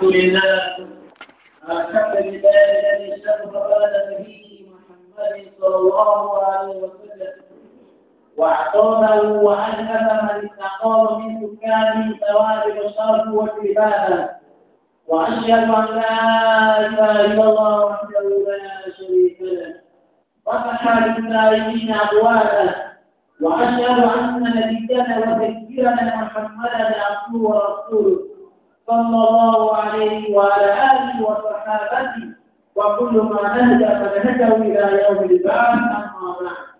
واعطانا وعلم من استقام من سكان ثواب الشرف والعباده واشهد ان لا اله الا الله وحده لا شريك له فتح للسائلين ابوابه واشهد ان نبينا وسيدنا محمدا عبده ورسوله صلى الله عليه وعلى آله وصحابته وكل ما نهدى فنهده إلى يوم البعث أما بعد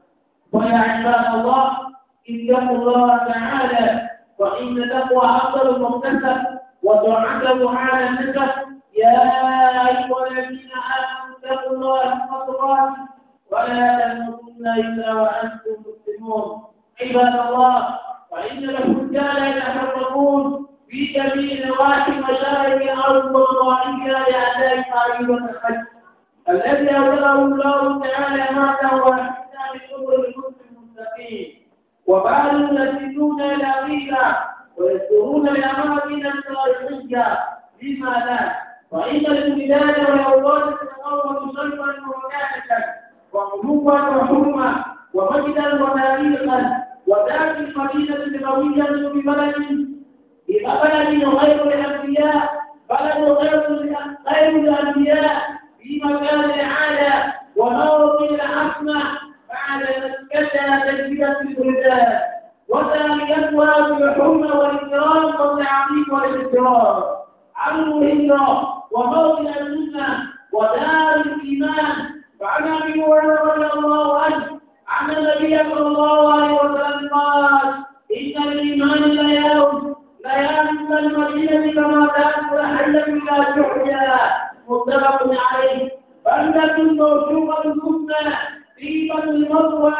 ويا عباد الله اتقوا الله تعالى وإن تقوى أفضل المكتسب وتعذب على النسب يا أيها الذين آمنوا اتقوا الله حق ولا تموتن إلا وأنتم مسلمون عباد الله وإن الرجال يتحركون في جميع نواحي مشارق الارض ومواقفها لاداء تعليم الحج الذي اوجبه الله تعالى معنا هو من شغل الحكم المستقيم وبعد يلتفتون الى قيلة ويذكرون الاماكن الصالحيه لما لا فان البلاد والاوطان تتطور شرقا ومكانه وعلوا وحرما ومجدا وتاريخا وذات القبيله النبويه ببلد إذا بلد غير الأنبياء بلد غير غير الأنبياء في مكان أعلى وموطن أسمى بعد نسكتها تجربة البلدان وثانيتها بالحمى الحمى والإكرام والتعظيم والاحترام عمرو هجرة وموطن السنة ودار الإيمان وعن أبي هريرة رضي الله عنه عن النبي صلى الله عليه وسلم قال إن الإيمان لا يوم بيان المدينة كما تأكل حلا بما تحيا متفق عليه بلدة موثوقة الأمة طيبة المطوى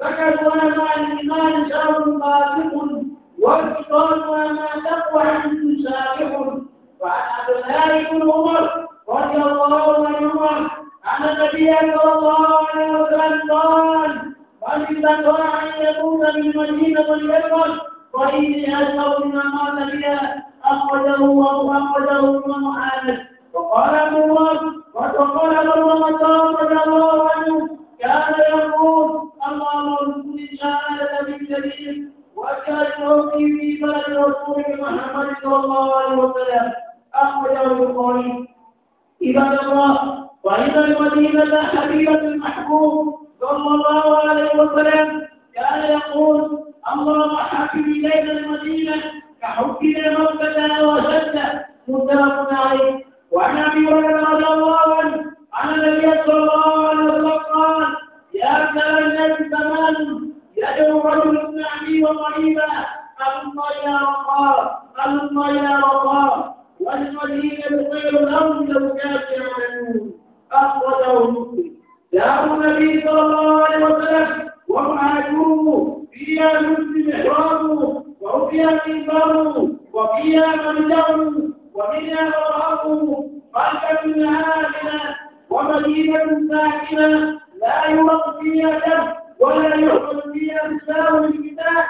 فقد مع الإيمان شر قاسم والشيطان ما تقوى عنه سابق وعن عبد الله بن عمر رضي الله عنهما عن النبي صلى الله عليه وسلم قال من استطاع أن يكون بالمدينة وليكن وإن أشهر ما مات بها أخرجه وأخرجه الله أنس وقال أبو وقال ابن عمر رضي الله عنه كان يقول اللهم ارزقني الشهادة بالجليل وكان يوصي في بلد رسول محمد صلى الله عليه وسلم أخرجه البخاري عباد الله وإن المدينة حبيبة المحبوب صلى الله عليه وسلم كان يقول أمر أحب إلينا المدينة كحبنا موتنا وشدة متفق عليه وعن أبي هريرة رضي الله عنه عن النبي صلى الله عليه وسلم قال يا أكثر الناس زمان يدعو رجل نعمي وقريبا ألم يا وقار ألم يا وقار والمدينة خير الأرض لو كانت يعلمون أخرجه مسلم جاء النبي صلى الله عليه وسلم ومهاجوه فيها يمشي محرابه وفيها منبره وفيها ملجأه ومنها مرهقه ملكة آمنة ومدينة ساكنة لا يرق فيها دم ولا يحمل فيها سلاو الكتاب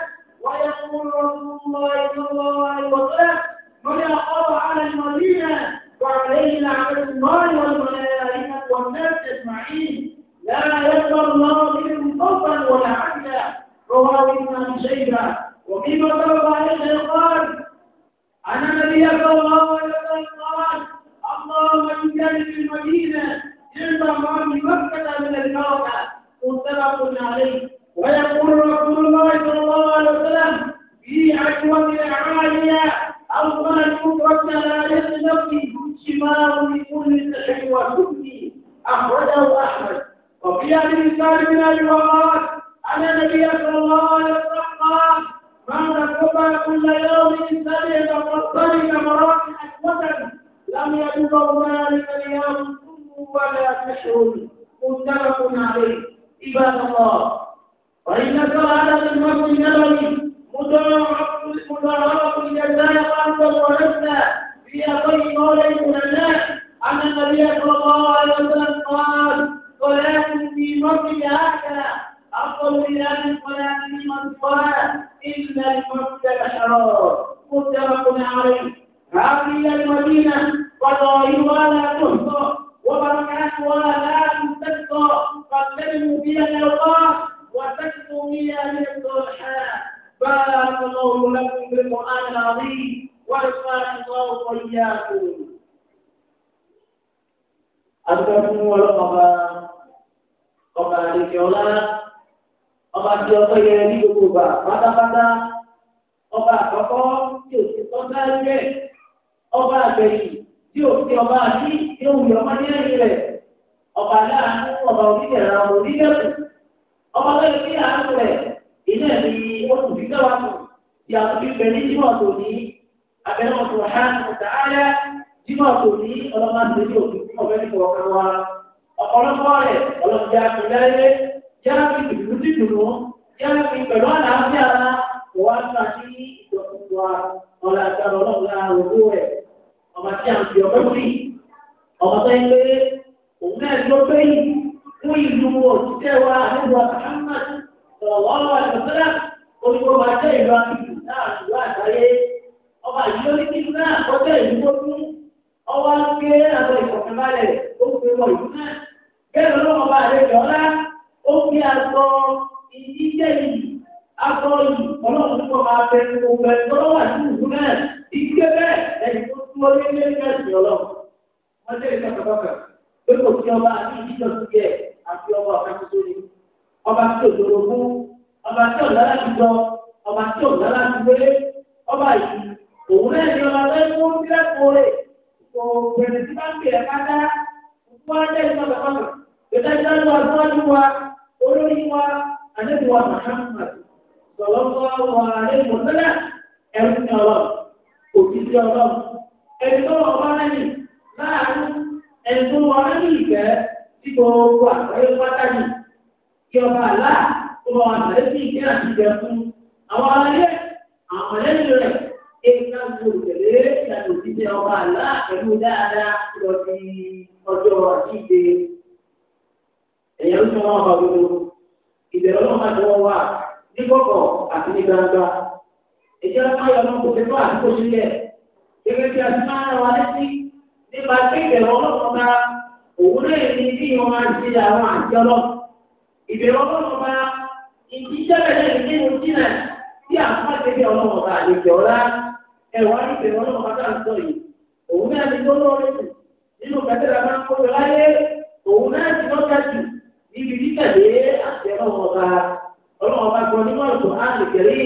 ويقول رسول الله صلى الله عليه وسلم من أقر على المدينة وعليه لعنة الله والملائكة والناس أجمعين لا يقبل الله منهم فضلا ولا عدلا رواه ابن شيبه وفيما طلب عليه الشيطان ان النبي صلى الله عليه قال اللهم ان كان في المدينه يرضى ما مكه من الموتى متفق عليه ويقول رسول الله صلى الله عليه وسلم في عشوه عاليه القلب مفرد لا يستبقي شمال لكل سحر وسكي اخرجه احمد وفي هذه سالم من ابي وقاص أن النبي صلى الله عليه وسلم قال ما كل يوم سبع وسبع مرات أسودا لم يدره ذلك اليوم كله ولا تشعر متفق عليه عباد الله وإن صلاة المرء النبوي مضاعفة الجزاء خمسا ونفسا في أقل قول من الناس أن النبي صلى الله عليه وسلم قال orí wọn máa jẹ́ ìlú akíkù náà ìlú àgbáyé ọba yìí ó ní kí náà kọjá ìlú tó kún ọwọ́ gbé àwọn ìfọ̀kànbalẹ̀ ó gbé wọ ìlú náà bẹ́ẹ̀ lọ́wọ́ ọba àlejò ọlá ó fi aṣọ ìdíjẹ́ yìí aṣọ yìí ọlọ́run tó máa bẹ gbogbo ẹ̀ tọ́lọ́wà sí ìlú náà ìgbé bẹ́ẹ̀ ẹ̀yìn tó tún ọdún ilé ní ẹ̀sìn ọlọ́run wọ́n jẹ́ ìtọ́kọ̀tọ́kọ̀ ọba tí ò lára ti gbọ́ ọba tí ò lára ti gbélé ọba yìí òun náà ní ọba tó ń mú sílẹ̀ kórè kò bẹ̀rẹ̀ sí bá ń pè é kátá kó wá jẹ́ ìgbà bàbá kan gbẹdá ìgbà tó wà síwájú wa olórí wa àdébù wa Muhammad sọlọ ń wá wa àdébù sẹlẹ ẹrú ní Ọlọ́run òbí sí Ọlọ́run ẹni tó wà wá lẹ́yìn láàánú ẹni tó wà lẹ́yìn ìgbẹ́ tí gbogbo àgbáyé pátá yìí kí ọba àlá ọkọ àtẹ̀lẹ́sì ìdí àti ìjẹ̀fún àwọn ayé àwọn ẹlẹ́yìn rẹ̀ èyíká gbogbo tẹ̀lé ìlànà òṣìṣẹ́ ọba àlá pẹ̀lú dáadáa lọ sí ọjọ́ àjíǹde ẹ̀yẹ ń sọ wọn ọba gbogbo ìbẹ̀rẹ̀ ọlọ́run àti wọn wà ní kọ̀kọ̀ àti ní gbangba èyí àpáyọ náà kò fẹ́ fún àdúgbò sílẹ̀ gẹ́gẹ́ bí a ti máa ń rán wa létí nípa pé ìbẹ̀rẹ̀ ọlọ́run bá òun náà ní bí wọn máa ń ṣe àwọn àjọ lọ ìbẹ̀rẹ̀ ọlọ́run bá ìdíjẹ́lẹ̀ ṣe nínú dínà tí àwọn akéde ọlọ́wọ́ bá àlejò ọ̀la ẹ̀wọ̀n àti ọlọ́wọ́ bá dà ń sọ yìí òun náà ti gbọ́ lọ́rẹ́ jù nínú kẹtẹ́rẹ́ máa ń kọ́jọ láyé òun náà ti lọ́jà jù ibi títẹ̀lé àti ọlọ́wọ́ bá ọlọ́wọ́ bá gbọ́ nínú ọ̀dọ̀ àlùkẹ́rì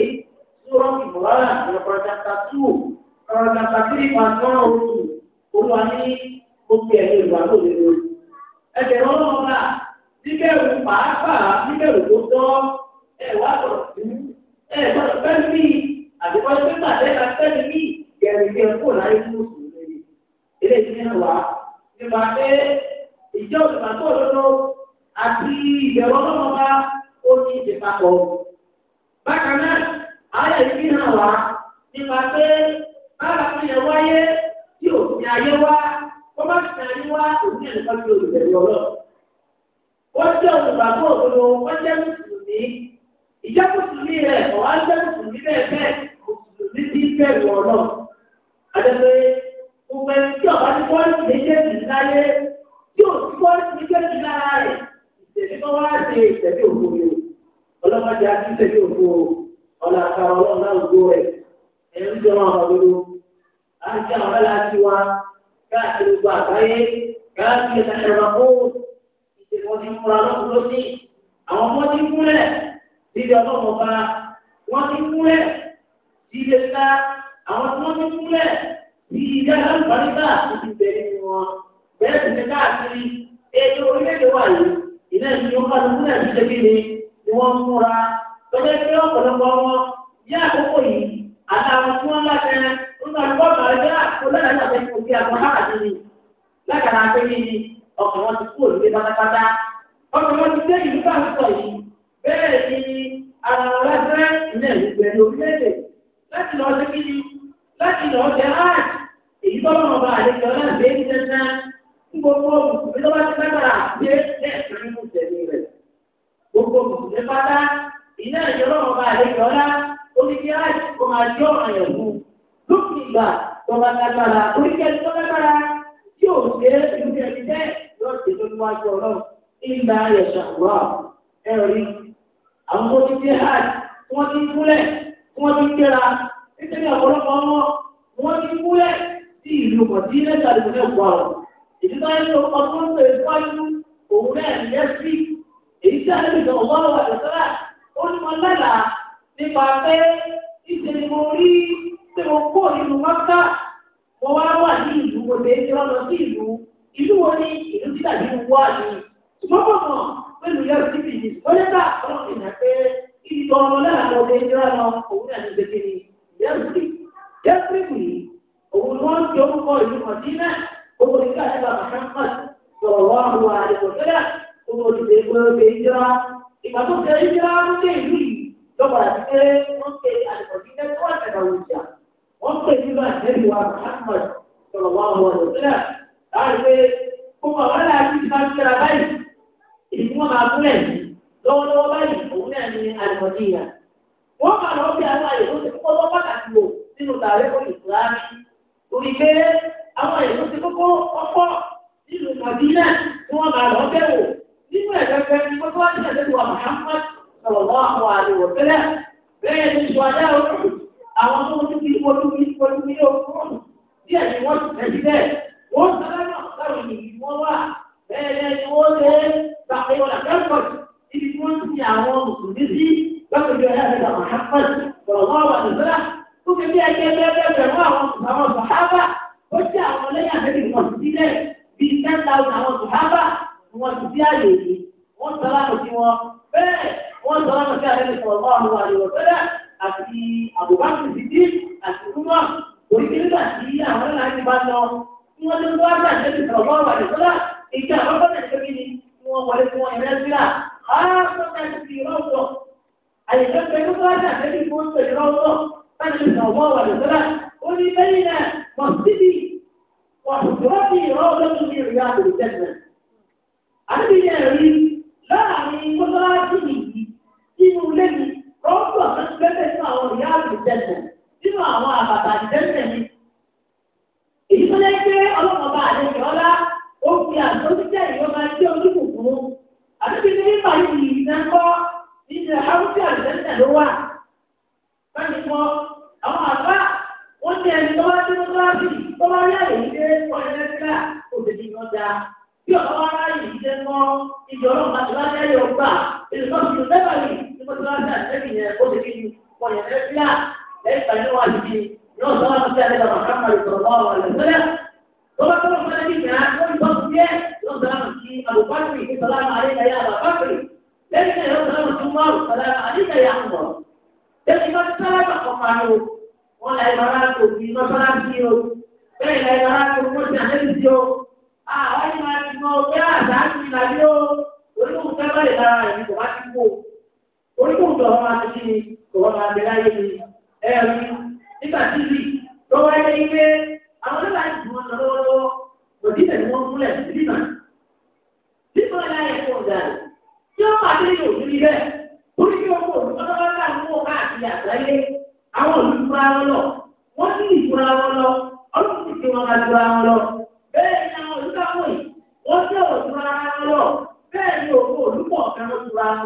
sọ́ọ́kì mọ́lá ìrọ̀pọ̀tàtà tù ọ̀rọ̀tàtà tìrì pàṣẹ òru ní gbogbo e sọ̀rọ̀ sí ẹ sọ̀rọ̀ fẹ́ mí àdìpọ̀ pàdé ká fẹ́ mí yẹ̀rù láyé wa ní ma ìjọ ìgbà tó àti ìbẹ̀rù ọlọ́mọba ó ní ìdè bákan náà ayé ìfihàn wa ní ma bára fi yẹn wáyé tí ayé wá wá tí ọlọ́ wọ́n jẹ́ òdodo ìjẹ́ rẹ̀ ọ̀ á jẹ́ mùsùlùmí bẹ́ẹ̀ bẹ́ẹ̀ ti ń bẹ̀rù ọ̀nà. àdàbẹ̀ gbogbo ẹni tí ọ̀bá ti kọ́ ìdílé jẹ́bi láyé tí ò ti kọ́ ìdílé jẹ́bi lára rẹ̀ ìṣẹ̀lẹ̀ kan wá ṣe ìṣẹ̀lẹ̀ òkú mi ọlọ́mọdé àti ìṣẹ̀lẹ̀ òkú ọ̀là àkàrà ọlọ́run náà gbó rẹ̀ ẹ̀yìn ń jẹ́ àwọn àwọn ọmọ ti níbi ọlọ́run ọba wọ́n ti múlẹ̀ sí ilé ńlá àwọn tí wọ́n ti múlẹ̀ sí ilé alágbàdìgbà tó ti bẹ̀rẹ̀ nínú wọn bẹ́ẹ̀ sì ni káàkiri ètò orílẹ̀-èdè wà yìí iná ìlú yóò kọ́ ọdún náà ṣe kíni ni wọ́n múra lọ́jọ́ pé ọ̀pọ̀lọpọ̀ wọn ní àkókò yìí àtàwọn tí wọ́n láti ẹ̀ ń lọ lọ́wọ́ àrẹ́gbẹ́ àkókò lẹ́yìn náà fẹ́ kó bí agbọ́n náà ti ní lákàrà pé bẹ́ẹ̀ ni ara lásán ilẹ̀ ìgbẹ́ ní orílẹ̀-èdè láti lọ sí kí ni láti lọ sí hajj èyí tó lọ́wọ́ bá àlejò náà gbé ní tẹ́tẹ́ ní gbogbo mùsùlùmí tó bá ti lágbára gbé lẹ́ẹ̀kan nínú ìtẹ̀lé rẹ̀ gbogbo mùsùlùmí pátá iná ìjọ lọ́wọ́ bá àlejò ọlá oníkí hajj kò máa jọ ọ̀yàn fún lókùn ìgbà tó bá lágbára oníkí tó lágbára tí ò ṣe é ìlú ẹni ẹ̀rí àwọn tó ti dé hajj tí wọ́n ti kúlẹ̀ tí wọ́n ti kéra nítorí ọ̀pọ̀lọpọ̀ wọn wọ́n ti kúlẹ̀ sí ìlú kọ̀tí lẹ́sà ìlú náà wà ó ìdíbà ń lo ọdún tó ń wájú òun náà ń yẹ sí èyí tí a lè lọ wọ́n wà lọ́sọ́lá ó ní wọn lẹ́la nípa pé ìṣe ni mo rí pé mo kó nínú mọ́tà mo wá wà ní ìlú mo lè ń lọ sí ìlú ìlú wo ni ìlú tí pẹ̀lú yàrá síbi yìí wọ́n lé bá ọlọ́run yà pé ibi tó ọmọ náà lọ sí ìdíra lọ òun náà ní gbèké ni yàrá yàrá síbi yìí òun ni wọ́n ti orúkọ ìlú mọ̀tínà gbogbo nígbà tí bàbá Muhammad sọ̀rọ̀ wọ́n àwọn àdìgbò tẹ́lẹ̀ gbogbo olùdè gbogbo ìdíra ìgbà tó tẹ ìdíra ń dé ìlú yìí lọ́pàá àti pé wọ́n pe àdìgbò tẹ́lẹ̀ tó wà tẹ̀lé àwùjá wọ́n pe nígbà tẹ́lẹ̀ wà Muhammad sọ̀rọ̀ wọ́n àwọn àdìgbò tẹ́lẹ̀ láti pé gbogbo àwọn ìdí wọn máa gúnlẹ̀ yìí lọ́wọ́lọ́wọ́ báyìí òun náà ní àlùmọ́dé yà. wọ́n máa lọ bí aláyè tó ti kọ́kọ́ pàtàkì wò nínú tààrẹ́ kò ìsìlámì. torí pé àwọn èèyàn ti kọ́kọ́ ọkọ́ nínú mọ̀dínà tí wọ́n máa lọ bẹ̀ wò nínú ẹ̀fẹ́fẹ́ ní kọ́kọ́ wá sílẹ̀ lẹ́nu wa Muhammad sọ̀rọ̀ àwọn àlèwò wọ́n wà bẹ́ẹ̀ ni wọ́n lé gbàgbé wọn àkẹ́kọ̀ọ́ ibi tí wọ́n ti àwọn mùsùlùmí sí lọ́kùnrin ọ̀yá rẹ̀ làwọn àkọ́kọ́ sọ̀rọ̀ wọ́n wà nígbà tó fi bí ẹgbẹ́ bẹ́ẹ̀ bẹ́ẹ̀ mú àwọn àwọn sọ̀hábà ó jẹ́ àwọn lẹ́yìn àbẹ́bí wọn ti sílẹ̀ bíi ten thousand àwọn sọ̀hábà wọn ti sí àyè yìí wọ́n sọ láti sí wọn bẹ́ẹ̀ wọ́n sọ láti sí àyè sọ̀rọ̀ wọ́n àwọn àyè ìjà àkọ́kọ́ náà ṣe kí ni wọ́n wọlé fún wọn ìrẹsì sílá ààbò náà ti rọ́ọ̀tọ̀ àyẹ̀fẹ́ pẹ̀lú bọ́ọ̀dà lẹ́yìn fún pẹ̀lú rọ́ọ̀tọ̀ láti ṣe ọ̀wọ́ wà lọ́sọ́lá ó ní lẹ́yìn náà mọ̀ síbi wà lọ́sọ́lá ti rọ́ọ̀tọ̀ tó ní ìrìn àbò ìjẹ́sìn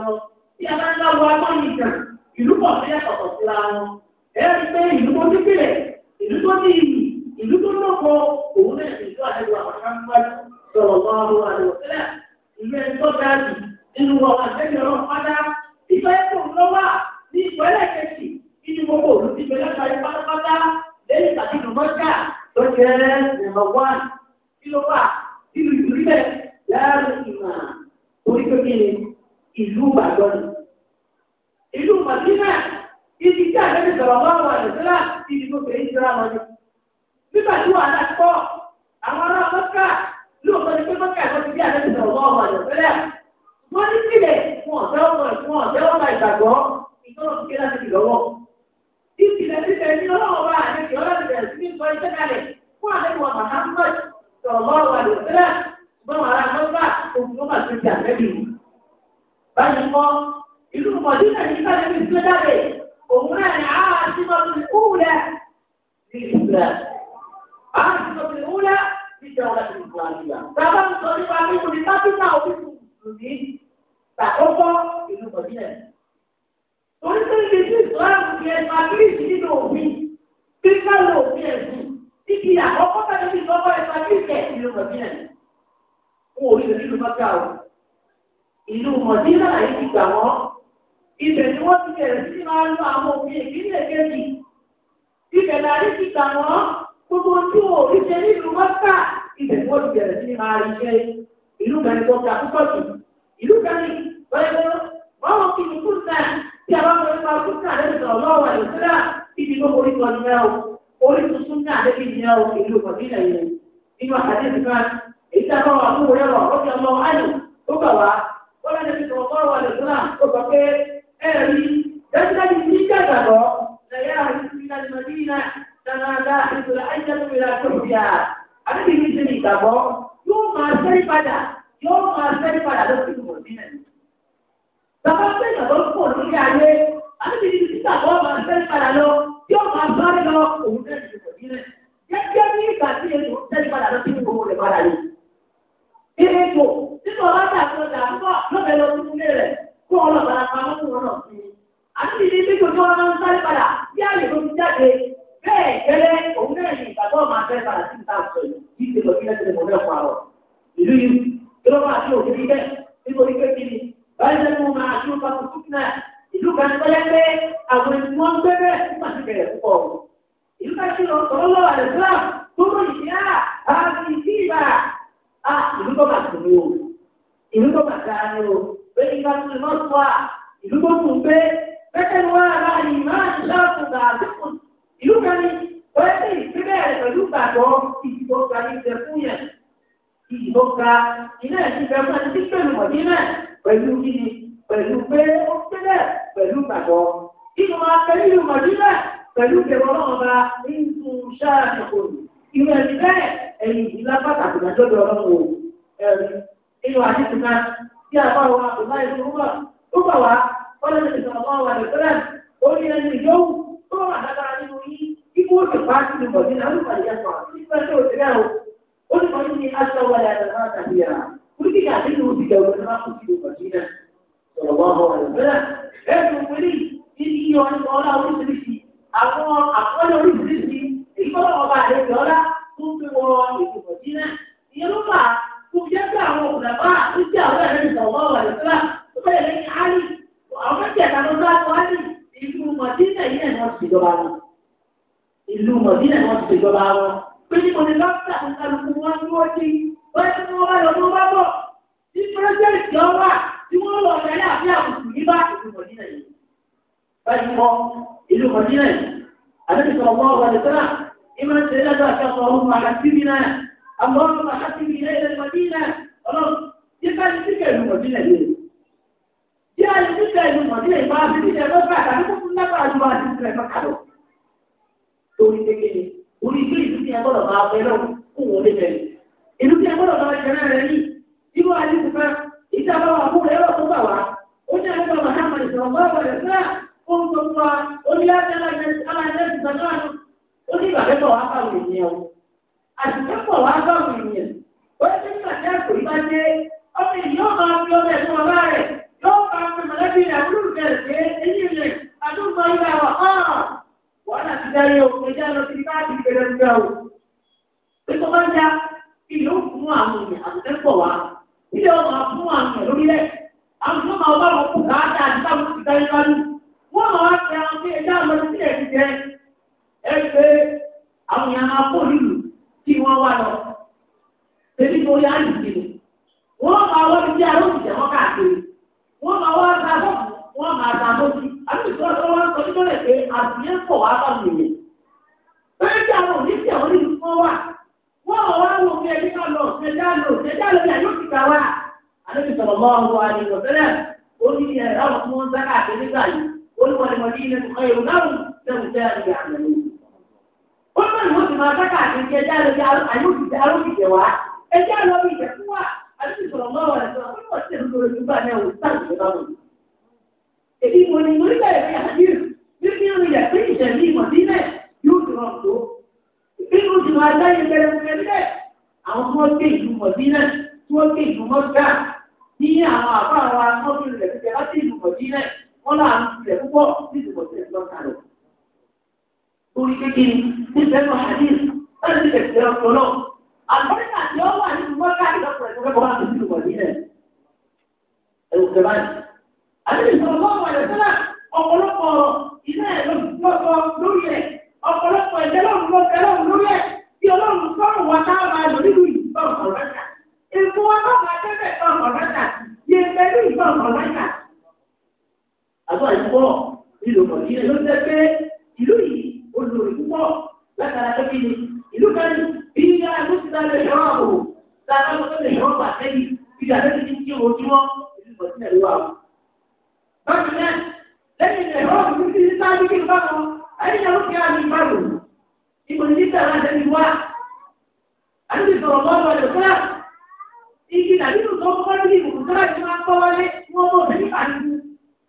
wọn tí a bá ń dáwọ́ agbọ́nìkan ìlú pọ̀ sí ẹ̀kọ̀tọ̀ síra wọn ẹ rí pé ìlú tó ní pìlẹ̀ ìlú tó ní iyì ìlú tó lóko òun náà ti tó àdéhùn àwọn akáńgbájú sọ̀rọ̀ mọ́ àwọn àdéhùn sílẹ̀ ìlú ẹni tó dáàbì nínú ọ̀rọ̀ àtẹ́jọ́ ọlọ́run pátá ìfẹ́ tó ń lọ́wọ́ ní ìpẹ́lẹ̀ kejì nínú gbogbo òun ti gbẹ̀lẹ́ parí pátápátá lẹ́yìn tàbí nùmọ́ṣà tó jẹ́ nàìjíríà wán kí ló wà nínú ìlú rẹ̀ láàrin ìmọ̀ orí kékeré ìlú gbàgbọ́ ni. ìlú màdínà ibi tí àgbẹ̀bí sọ̀rọ̀ lọ́wọ́ àdìsílà ibi tó fèrè ìsirà wọn ni. nígbà tí wàhálà ti pọ̀ àwọn ará mọ́kà lóòótọ́ ni pé mọ́kà ìwọ́n ti bí àgbẹ̀bí sọ̀rọ̀ lọ́wọ́ àdìsílà. wọ́n ní sílẹ̀ fún ọ̀tẹ́ ọmọ ìfún ọ̀tẹ́ ọmọ ìgbàgbọ́ ìtọ́nà ti kéde láti lọ́wọ́. ìsìlẹ̀ sílẹ̀ ní ọlọ́wọ́ bá àdìsí ọlọ́dìbẹ̀rẹ̀ sí báyìí kọ́ ìlú mọ̀dúnà ní sáré ní ìgbé jáde òun náà ní àwọn àtìmọ́tò ìkúwulẹ̀ ní ìgbà àwọn àtìmọ́tò ìkúwulẹ̀ ní ìjọba ìgbàlúwà. Bàbá mi sọ nípa mímu ní kápítà òfìsù ní tàkọ́kọ́ ìlú mọ̀dúnà. Torí pé ibi tí ìsọ́láàmù ti ẹnu àbíríṣì nínú òfin kíkà ló òfin ẹ̀sìn títí àkọ́kọ́ tàbí ìsọ́kọ́ ẹ̀sìn àbíríṣì ìlú mọ̀dúnà. Wọ́n ò ìlú mọ̀dínà yìí gbà wọ́n ibẹ̀ ni wọ́n ti bẹ̀rẹ̀ sí máa lo àwọn òfin ìpínlẹ̀ kejì ibẹ̀ la rí ti gbà wọ́n gbogbo tí o rí ṣe nílùú mọ́tà ibẹ̀ ni wọ́n ti bẹ̀rẹ̀ sí máa rí ṣe ìlú kan ní wọ́n púpọ̀ jù ìlú kan ní wọ́n wọ́n kí ni kúta tí a bá wọlé pa kúta lẹ́yìn tó lọ́wọ́ ìṣúra ibi tó orí kan ní ọ orí tuntun náà débi ní ọ ìlú mọ̀dínà yìí nínú àkàdé ìfẹ́ èyí tí a bá wà wọ́n lẹ́nu ti sọ̀rọ̀ fọ́ọ̀rọ̀ ẹ̀dọ̀túnà ó sọ pé ẹ̀rí dájúdájú ní gàgàgọ́ lẹ́yà àdìsílẹ̀ àdìmọ̀dínà dáadáa ìṣòro àìjẹ́tòmìlà tóbià àbíbi ní ti ní ìgbàgbọ́ yóò máa sẹ́rí padà yóò máa sẹ́rí padà ló ti mọ̀ nílẹ̀. bàbá pé ìgbàgbọ́ pọ̀ lórí ayé àbíbi ní ti ìgbàgbọ́ máa sẹ́rí padà lọ yóò máa sọ́rí lọ òun náà ti mọ̀ nílẹ̀. gẹ́gẹ́ bí ìgbà tí èso sẹ́rí padà lọ sí ìgbòho rẹ̀ padà yìí. Ibi tó títí ọba tí a sọ dà ń bọ̀ lọ́bẹ̀ lọ fún ilé rẹ̀ kó ọ lọ́ba la pamọ́ fún wọn náà sí i. Àti ibi tí kò tó wọn náà ń sáré padà bí àyè tó ti jáde bẹ́ẹ̀ gẹ́lẹ́ òun náà ní ìgbàgbọ́ máa fẹ́ padà sí ìta àṣọ yìí kí ìṣèlú ilé tẹ̀lé mọ̀ mẹ́fà rọ̀. Ìlú yìí kí ló máa ṣe òfin bẹ́ẹ̀ nítorí pé kí ni báyìí lẹ́nu máa ṣe ó tó tún náà ìlú kan tọ́lẹ́ pé àwọn ẹni wọ́n ń gbé bẹ́ẹ̀ nígbà tí púpọ̀ ìlú kan ṣe lọ sọ̀rọ̀ lọ́wọ́ àdẹ̀sílà tó lóyìn ní á ah, ìlú tó bà tù mí o ìlú tó bà dáa ni o pé ìgbà tó lè má tó a ìlú tó tún gbé pẹ́kẹ́ ni wọ́n á bá yìí má ṣáàtù bá àdúgbò ìlú kan ni wọ́n ti ìpínlẹ̀ pẹ̀lú gbàgbọ́ ìdìbò ga ìfẹ́ fún yẹn ìdìbò ga iná ẹ̀sìn fẹ́ fún ẹni tí pẹ̀lú mọ̀dí náà pẹ̀lú ẹ̀yìn ìlà pàtàkì lọ́dọ̀ ọlọ́run ẹ̀rí inú àdìsí náà tí a bá wa kò báyìí tó rúbà rúbà wá wọ́n lè sọ ọmọ wa lè fẹ́rẹ̀ ó ní ẹni yóò tó wà dáadáa nínú yín kí kó o sì bá sí ní bọ̀dí náà lùpà yẹn sọ nípa tó o ti rẹ̀ o ó ní bọ̀dí ní aṣọ wọlé àtàlá tàbí yàrá kúrúkì àti ìlú ti dẹ̀ wọlé má kú sí ní bọ̀dí ẹ̀ tó pélé ní iye ọ̀nà ọ̀la oríṣiríṣi àwọn àkọọ́lẹ̀ oríṣiríṣi ìkọ́lọ́ ọba àlejò ọ̀la tó ń gbé wọn ìdìbò dínà ìyẹn ló fà tó fi jẹ́ pé àwọn òkùnàbá tó jẹ́ àwọn ẹ̀rẹ́ ìdàgbọ́ wà lọ́sọ́lá tó bẹ̀rẹ̀ lẹ́yìn áyì àwọn mẹ́tẹ̀ẹ̀ta ló bá wá ní ìlú mọ̀dínà yìí náà ti jọba wọn ìlú mọ̀dínà wọn ti jọba wọn pé ní mo ní lọ́sítà tó kálukú wọn ní wọ́n ti wọ́n ti wọ́n wá lọ wọ́n bọ̀ ní pírọ́jẹ́tì ọ̀wà tí wọ́n lọ ọ̀rẹ́ إما الجلالة اللهم حسبنا اللهم حسبنا إلى المدينة ọlọ́run tí bá ti ti kẹ̀lú mọ̀dínà yìí tí a ti kẹ̀lú mọ̀dínà yìí ti ju ti ó ní ìgbà mẹ́fà wàá báwọn ènìyàn o àtìkẹ́pọ̀ wàá báwọn ènìyàn ó yẹ kí nígbà tí àgbò yìí bá dé ọmọ èyí máa fi ọmọ ẹ̀sùn ọba rẹ̀ yóò máa fi mọ̀lẹ́bí rẹ̀ àbúrò rẹ̀ pé eyín rẹ̀ àdúgbò ìgbà wà hàn wọ́n náà ti darí òkú ẹja lọ sí káàdì ìgbẹ́rẹ́ gbẹ́ o pé tó bá já ilé ó fún àwọn ènìyàn àtìkẹ́pọ̀ wá ilé ó máa àwọn ènìyàn lórílẹ̀ àwọn tó máa wá ẹ pé àwọn èèyàn máa kó tí wọ́n wá lọ. Wọ́n máa wọ́n ti wọn káàkiri. Wọ́n máa wọ́n ta bọ́ọ̀lù, wọ́n máa ta bọ́ọ̀lù. wọn sọ nítorí pé àbíyẹ́ pọ̀ wá bá mi rè. Bẹ́ẹ̀ tí àwọn òní tí àwọn onílù kan wà. Wọ́n máa ẹni náà lọ, bí àyè sọ̀rọ̀ mọ́ Ó ní ẹ̀rọ àwọn tí náà ni wọ́n ti máa dákà àti ìjẹ jáde ní àlóòdìjẹ wá ẹjẹ àlọ́bí ìjẹ fún wa àlóòdìjẹ sọ̀rọ̀ mọ́ ọ̀rọ̀ ẹ̀sọ́ wọn wọ́n ti lórí nígbà náà wò sáàtì lọ́wọ́ wọn. èyí mo ní mo nígbà yẹn yàtí bíbí ń rìn pé ìṣẹ̀lẹ̀ ìmọ̀ nílẹ̀ yóò ti rọ̀ tó bí mo ti máa dá yẹn bẹ̀rẹ̀ fún ẹgbẹ́ àwọn tó gbé ìlú mọ̀ nílẹ̀ tó gbé ìlú mọ̀ gà ní àwọn àbá àwọn akọ́bìnrin rẹ̀ orí kékeré níbẹ̀ lọ hadith wọ́n ti tẹ̀sẹ̀ ọ̀pọ̀ náà àgbẹ̀rẹ̀ àti ọwọ́ àti mọ́ká ìdọ́kùnrin ẹ̀dùn kẹ́kọ̀ọ́ láti fi wọ̀ nílẹ̀ ẹ̀wù kẹ̀máyì. àti ìṣòro ọmọ ẹ̀ sílẹ̀ ọ̀pọ̀lọpọ̀ ilé lọ́sọ̀ lórí ẹ̀ ọ̀pọ̀lọpọ̀ ẹ̀jẹ̀ lọ́run lọ́sẹ̀ lórí ẹ̀ tí ọlọ́run sọ̀rọ̀ wọn a máa lò nínú ìgbọ̀n kọ̀ọ̀rẹ́ta èkó olùrè púpọ̀ látara pé kí ni ìlú kan bí yá ìlú ti sáré ìṣòro àbò sáré ìṣòro ìṣòro pàtẹ́yì ìdá lẹ́yìn tí kí ojúmọ́ ìlú kan sílẹ̀ lówà o. bákan náà lẹ́yìn ìṣòro àbò ti sáré kí n bá wọn ayélujára ó fi àmì ìbálò ìbò ní títà láti ẹni wá àti sọ̀rọ̀ bọ́ọ̀lù ọ̀dọ̀ fúlà igi nàbínú tó kọ́ ní ìbùkún tó láti máa kọ́ wọlé wọn bọ̀ nípa ní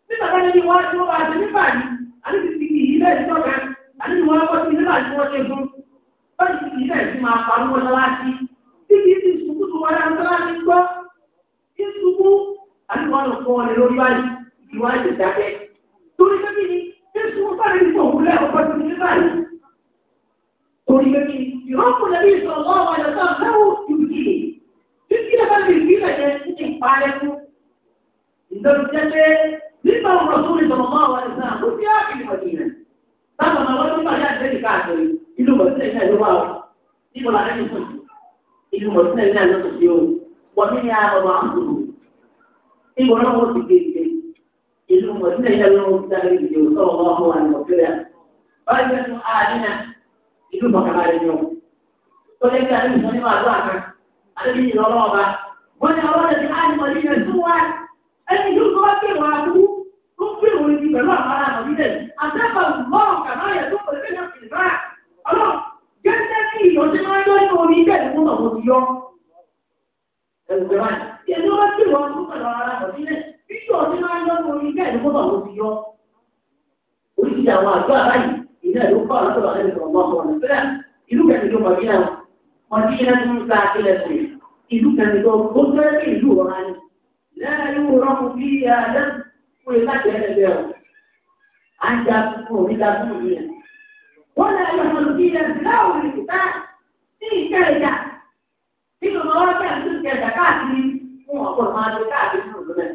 nípa bá lẹ́yìn wá tí bá ti nípa ní àti ti fi ìyí bẹ́ẹ̀ sọ̀rọ̀ àti ìwọ ọkọ sí nígbà tí wọ́n ṣe gún báyìí ti ilé ẹ̀sìn máa parí wọn lọ́láṣí tí kì í ti ṣubú tó wáyà lọ́láṣí gbọ́ kí ṣubú àti ìwọ ọkọ wọn lè lórí báyìí ìwọ ẹ̀sìn ìdájẹ́ torí pé kí ni kí ṣubú sáré ní tòun lẹ́ ọkọ sí ní báyìí torí pé kí ni ìrọ́pù lẹ́bí ìṣọ̀lọ́ àwọn ẹ̀dọ́ lẹ́wọ̀ ìbùkìlì tí kí lè bá lè fi ilẹ̀ yẹn ní ìparẹ́ fún ìdọ̀rùjẹ́ pé nígbà wọn lọ sórí ìdọ̀mọ́ àwọn ẹ̀sán àkókò táwọn ọmọ nípa ní àdéhùn káàkiri ìlú mọ̀tínẹ̀ náà ló wà ó níbo la lẹ́yìn ìlú mọ̀tínẹ̀ náà ló ti ó wọ́n ní ya ọmọ àbúrò níbo náà wọ́n ti gbèsè ìlú mọ̀tínẹ̀ náà ló ń sáré ìdè òsọ̀ ọmọ ọmọ wa ní nàìjíríà báyìí fẹ́ fún àdínà ìlú mọ̀kàmárì ní ọlọ́dẹ pín òun ibi pẹ̀lú àwọn ará àwọn ilẹ̀ yìí àtẹ́fà lọ́rùn kàmá tó pèsè ní ọ̀sìn bá ọlọ́run gẹ́gẹ́ bí ìyọ̀sẹ̀ máa ń yọ omi bẹ́ẹ̀ ni wọ́n lọ́wọ́ ti yọ. ẹ̀rùbẹ̀rẹ̀ ìyẹn ló bá kí pẹ̀lú ara àwọn ilẹ̀ bí ìyọ̀sẹ̀ máa ń yọ omi bẹ́ẹ̀ ni wọ́n lọ́wọ́ ti yọ. oríṣiríṣi àwọn àjọ àbáyé ìlú ẹ̀ ló kọ́ àwọn ẹ̀ wọ́n yóò láti ẹ̀rẹ̀ bẹ́ẹ̀ o. À ń ja fún òní ja fún òní yẹn. Wọ́n lè yọ ọmọ lùdí yẹn láwọn òní ìta sí ìkẹ́ ìjà. Bí lọ́mọ wọn bẹ̀rẹ̀ sí ìkẹ́ ìjà káàkiri fún ọ̀pọ̀ máa ṣe káàkiri fún òun náà.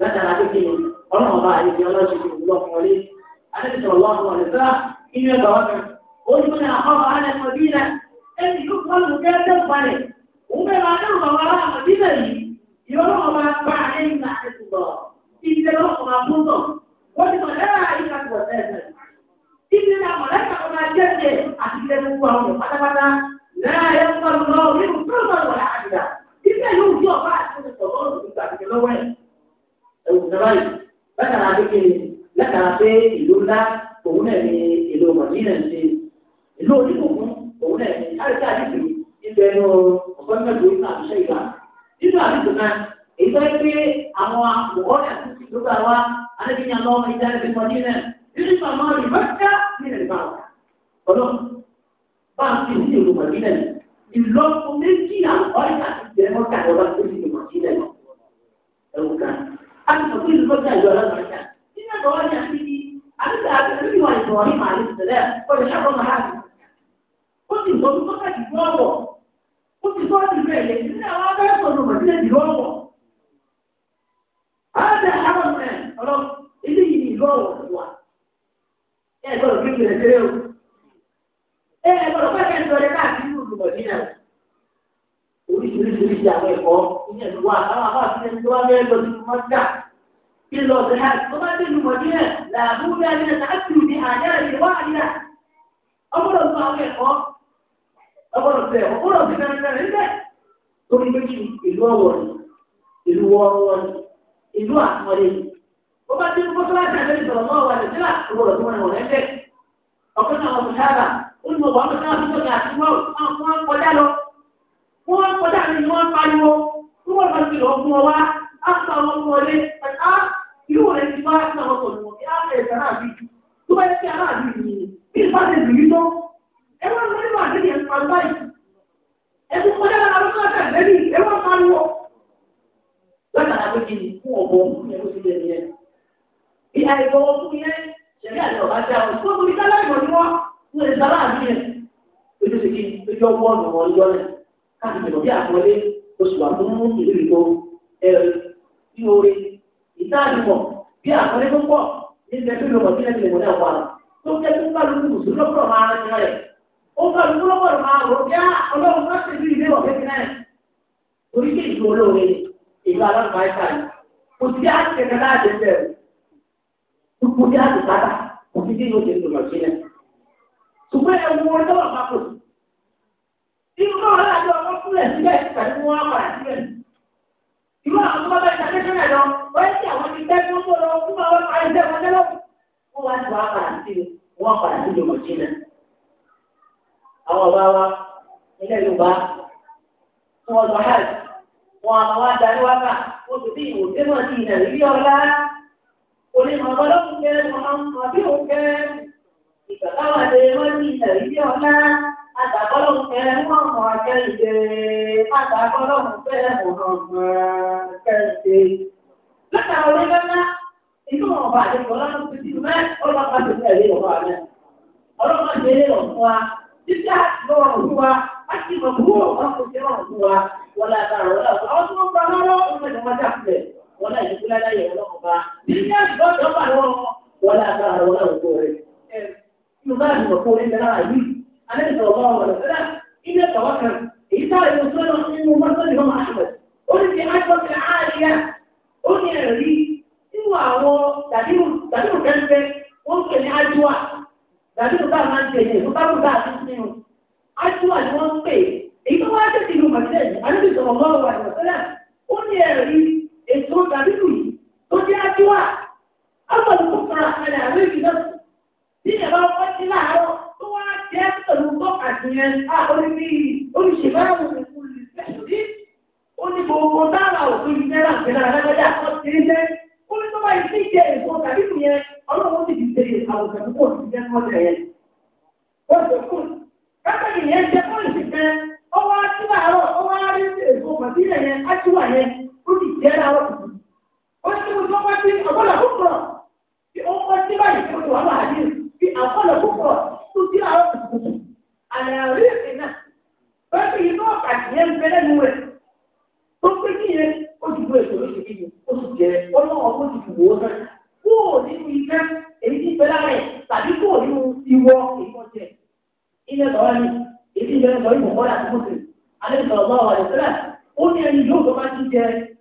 Lọ́jà la fi kéde ọlọ́run bá àyè ìjọ lọ́sẹ̀ tó wúlọ́ fún ọlé. Adébí sọ̀rọ̀ ọ̀lẹ́ sọ́ra ìdílé lọ́kọ̀ máa fún tọ̀. Wọ́n ti mọ̀lẹ́ ara yìí ká tọ̀ ẹ̀ẹ́dẹ̀. Ìdílé náà mọ̀lẹ́ kàkọ́ máa jẹ́ ṣe àti ilé gbogbo àwọn ọ̀rọ̀ pátápátá. Náà yẹ kó lọ lọ nínú pírọ̀tọ̀ wọ̀lá àdìgbà. Ìfẹ́ yóò di ọ̀bá àti ìṣòro lọ́rùn nígbà àti lọ́wọ́ ẹ̀. Ẹ̀wù sábà yìí, lẹ́kàrà pé kí ni lẹ́kàrà pé ìlú ńlá òun náà ni ìlú Mọ̀dínà ń ṣe. Ìlú oníkùnkùn òun náà ni Àríkà àdìgbì ìbẹ̀ ẹnu ọ̀gbọ́n mẹ́tò ìlú àbíṣẹ́ ìgbà. Nínú àdìgbò náà, èyí tó ń pé àwọn àkùkọ́ lókè wa alẹ́bí ni àwọn ọmọ ìjà ẹ̀fẹ̀ kọ́ni náà yìí fà máa rí bákà nílẹ̀ ìbá wa. ọ̀nà bá a ti ní ìlú mọ̀tí náà ìlọ́po méjì àwọn ìjà ti jẹ́ mọ́tà ìjọba tó ti mọ̀tí náà ẹ̀rù kan. a ti sọ pé ìlú mọ́tà ìjọba mọ̀tà nínú ẹ̀rọ wọn ni a ti ní àbíkà àbíkà ìwà ìbọ̀ ní màálí ìṣẹ̀lẹ̀ ọ̀dẹ̀ ṣàkó màá ó ti sọ fún mọ́tà ìjọba ó ti sọ ọ́ ti bẹ̀rẹ̀ nínú àwọn abẹ́rẹ́ sọ̀rọ̀ mọ̀tí náà ìjọba ìlú ọ̀wọ̀ wa ìlú ọ̀wọ̀ ìlú ó bá àlẹ́ ìbọ̀rọ̀ náà wà lẹ́sẹ̀ láti gbọ́dọ̀ tó wọn wọ̀ lẹ́sẹ̀. ọ̀kan náà wọ́n sábà ó ní ọ̀wọ́ àwọn náà tó yà sí wọ́n kọjá lọ. wọ́n kọjá lọ ni wọ́n pariwo tí wọ́n bá ti lọ fún ọ wá á sọ ọmọ fún ọ lé ẹ̀ka irú rẹ̀ ti wá sí ọmọ tó lù kí á fẹ̀ ẹ̀sán náà bí ju tó bá ti ara àbí yìí bí ìfá ti bì í tó ẹ wọ́n mọ nínú àdéhìí ẹ̀ pa báyìí ẹ̀sùn kọjá lọ àwọn náà tẹ̀lé ní ẹ wọ́n pariwo lọ́sàn-án àbójì ní fún ọ̀bọ̀ ọ̀hún ẹ̀ ìyá ìjọwọ́ fún yẹn ṣẹ̀rí àjọ bá dá òun tó kúrò ìtàlá ìmọ̀ ni wọ́n ń lè sábà bí yẹn ojú ṣe kí ojú ọgbọ́n ọ̀nà wọn yọ náà káàdì ìmọ̀ bí àkọlé oṣù wà fún ìlú ìgbò ẹ̀rí tí o rí ìtàlùmọ̀ bí àkọlé tó pọ̀ ní ilẹ̀ tó lọ́mọ̀ sílẹ̀ tìlẹ̀ mọ̀lẹ́ wà tó jẹ́ tó bá lóko mùsùlùmí lọ́pọ̀ máa rẹ̀ sílẹ̀ ó bá lóko lọ́pọ̀ máa rò bí ah, ọlọ́run bá ṣe bí ilé ọ̀fẹ́ sílẹ̀ oríṣi ìgbò olóore ìlú alágbàáṣà yìí kò sí àṣẹ kẹta àjẹsẹ̀ rẹ̀ gbogbo bí àtìkáta òfin tí yóò ṣe tòmọ̀ sílẹ̀. ṣùgbọ́n ẹ wo ọjọ́ bàbá kò sí. inú náà wọ́n láti ọkọ̀ sílẹ̀ sílẹ̀ pẹ̀lú wọn àpàrà sílẹ̀. ìlú àwọn tó bá bá ìta kẹ́kẹ́ náà lọ wọ́n ti àwọn ti tẹ́ tó tó lọ fún àwọn àyè tẹ́ wọn tẹ́lẹ̀. wọ́n wá ti wọ́n àpàrà sílẹ̀ wọ́n àpàrà sílẹ̀ mọ̀ sílẹ̀. àwọn ọba wa ilẹ̀ Yorùbá wọ́n lọ hajj wọ́n àwọn adarí wákà wọ́n ti bí ìwòsàn onímọ̀ ọlọ́run jẹ́ ọmọ àbí òkẹ́ ìgbàláwà lè wọ́n ní ìtẹ̀lẹ́sí ọ̀la àtàkọ́lọ́run fẹ́ wọ́n mọ̀ akẹ́yìndé àtàkọ́lọ́run fẹ́ mọ̀ mọ̀ akẹ́yìndé. lọ́sà orí bẹ́ẹ̀ inú ọba àdéhùn ọlọ́run ti dìbò mẹ́ ọlọ́pàá ti fẹ́ ilé rẹ̀ ọlọ́pàá ti ilé ọ̀fun wa títà lọ́wọ́ òfin wa a ti mọ̀ kúrò ọkùnrin ọ̀fun wa wọlé àtàrà wọlé àwọn tí wọ́n gbà lọ́wọ́ wọn náà yẹ kúlẹ̀ láyé wọn lọ́kọ̀ bá nígbà tó tó wà lọ́wọ́ wọn náà bá wọn náà wọ́n rẹ̀ ẹ̀ nínú bá àdùnnà kó ní tẹ́lá àyè alẹ́ ìsọ̀rọ̀ bá wọn lọ sẹ́dá ilé tọ̀wọ́ kan èyí táwọn èèyàn tó lọ nínú mọ́tò ní mọ́mọ́ àṣọ ó ní ti aṣọ ti àárẹ̀ ó ní ẹ̀rí nínú àwọn dàdírù kẹ́ńtẹ́ wọ́n pè ní ajúwà dàdírù bá máa ń tẹ̀lé ìlú bá bá àti nínú ajúwà ni wọ́n pè èyí tó wá tẹ̀sí ìlú màtílẹ̀ àlẹ́ ìsọ̀rọ̀ bá wọn lọ sẹ́dá ó ní ẹ̀rí èso dàbílù yìí tó jẹ́ àjọwà ọgbọ̀n tó fara ẹ̀rẹ̀ àrẹ ìdílé bí ìyàbá wọn ti láàárọ̀ tó wá jẹ́ pẹ̀lú bọ́ọ̀kà jìnnà bí ó ní gbogbo dára òfin kọ́ jẹ́ ó ní tó bá yìí yẹn ọlọ́run ti di ó sì jẹ́ ara wọn ó ní kí wọ́n wá sí àbọ̀là púpọ̀ wá sí báyìí wà àbọ̀là púpọ̀ tó àlàyé náà inú ọ̀pá ń bẹ lẹ́nu rẹ̀ tó ó ti lóṣù ó sì jẹ́ ọlọ́wọ́ ó o lọ́wọ́ ni lọ́wọ́ ìmọ̀kọ́lá ó ní ẹni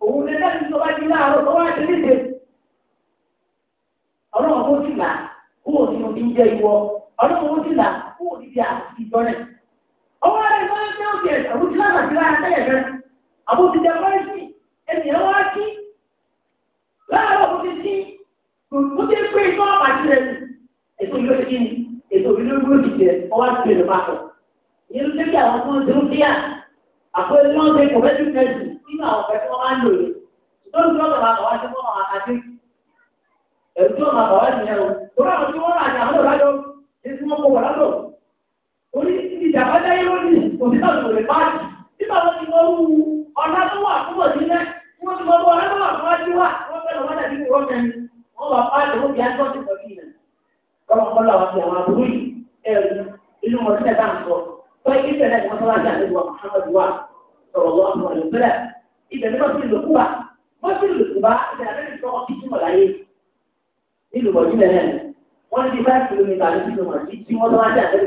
òun ní ẹgbẹ́ tuntun bá jí láàárọ̀ tó wá ṣe léde ọlọ́run kó sì là kó o nínú bí ń ìwọ ọlọ́run kó sì là kó o níbi àti ìjọ́rẹ̀ ọwọ́ rẹ̀ ló ń gbé òkè àbójú láti àti láti àtẹ́yẹ̀ rẹ̀ àbójú jẹ pẹ́ẹ́sì ènìyàn wá kí láàárọ̀ kó ti sí kó ti pé iná àti rẹ̀ ètò ìlú ti ní ètò ìlú ìlú ti jẹ ọwọ́ àti ìlú pàtó ìlú tẹ́ nínú àwọn ọ̀fẹ́ tí wọ́n máa ń lò yìí lórí tí wọ́n lọ máa bàwá sí fún àwọn àkàdé ẹ̀rù tí wọ́n máa bàwá sí ẹ̀rù torí àwọn tí wọ́n rà ní àwọn òlájọ́ ní tí wọ́n kó wọ̀ látọ̀ orí ìjàmbá dáyé lónìí kò sí ọlọ́wájà lẹ́nu.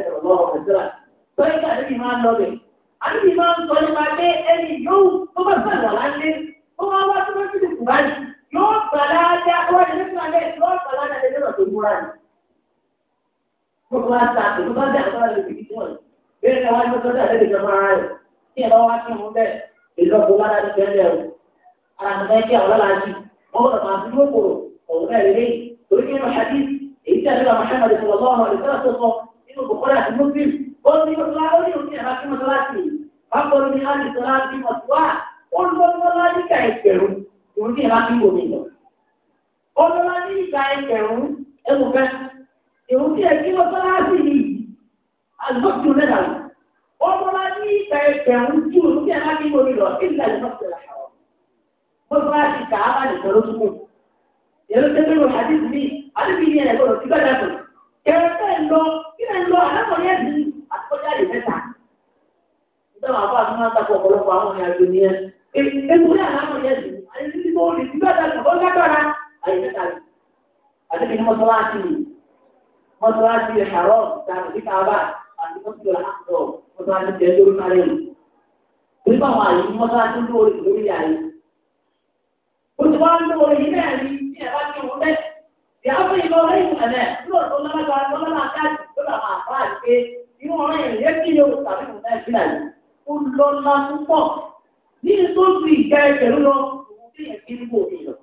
nítorí àlámọ̀ yẹn lò àyẹ̀lẹ́ tí mo lè ti bẹ́ẹ̀ dàgbà ó lágbára àyẹ̀lẹ́ ta lò. àdébí ni mọ́sálásí mọ́sálásí ẹ̀hárọ̀ tàbí ní káàbà àti mọ́sálásí tẹ̀ lórí kárẹ̀ yìí. torí báwọn àyè mọ́sálásí lórí lórí àyè. ó ti wá lórí yìí náà ní ní ẹ̀fá kí wọ́n bẹ́ẹ̀. ìyàwó ìlọ rẹ̀ ìmọ̀lẹ̀ lóòótọ́ lọ́lọ́gbà lọ́lọ́ nínú tó ju ìjà ẹgbẹ̀rún lọ òun fi hàn kíni kò ní lọ tó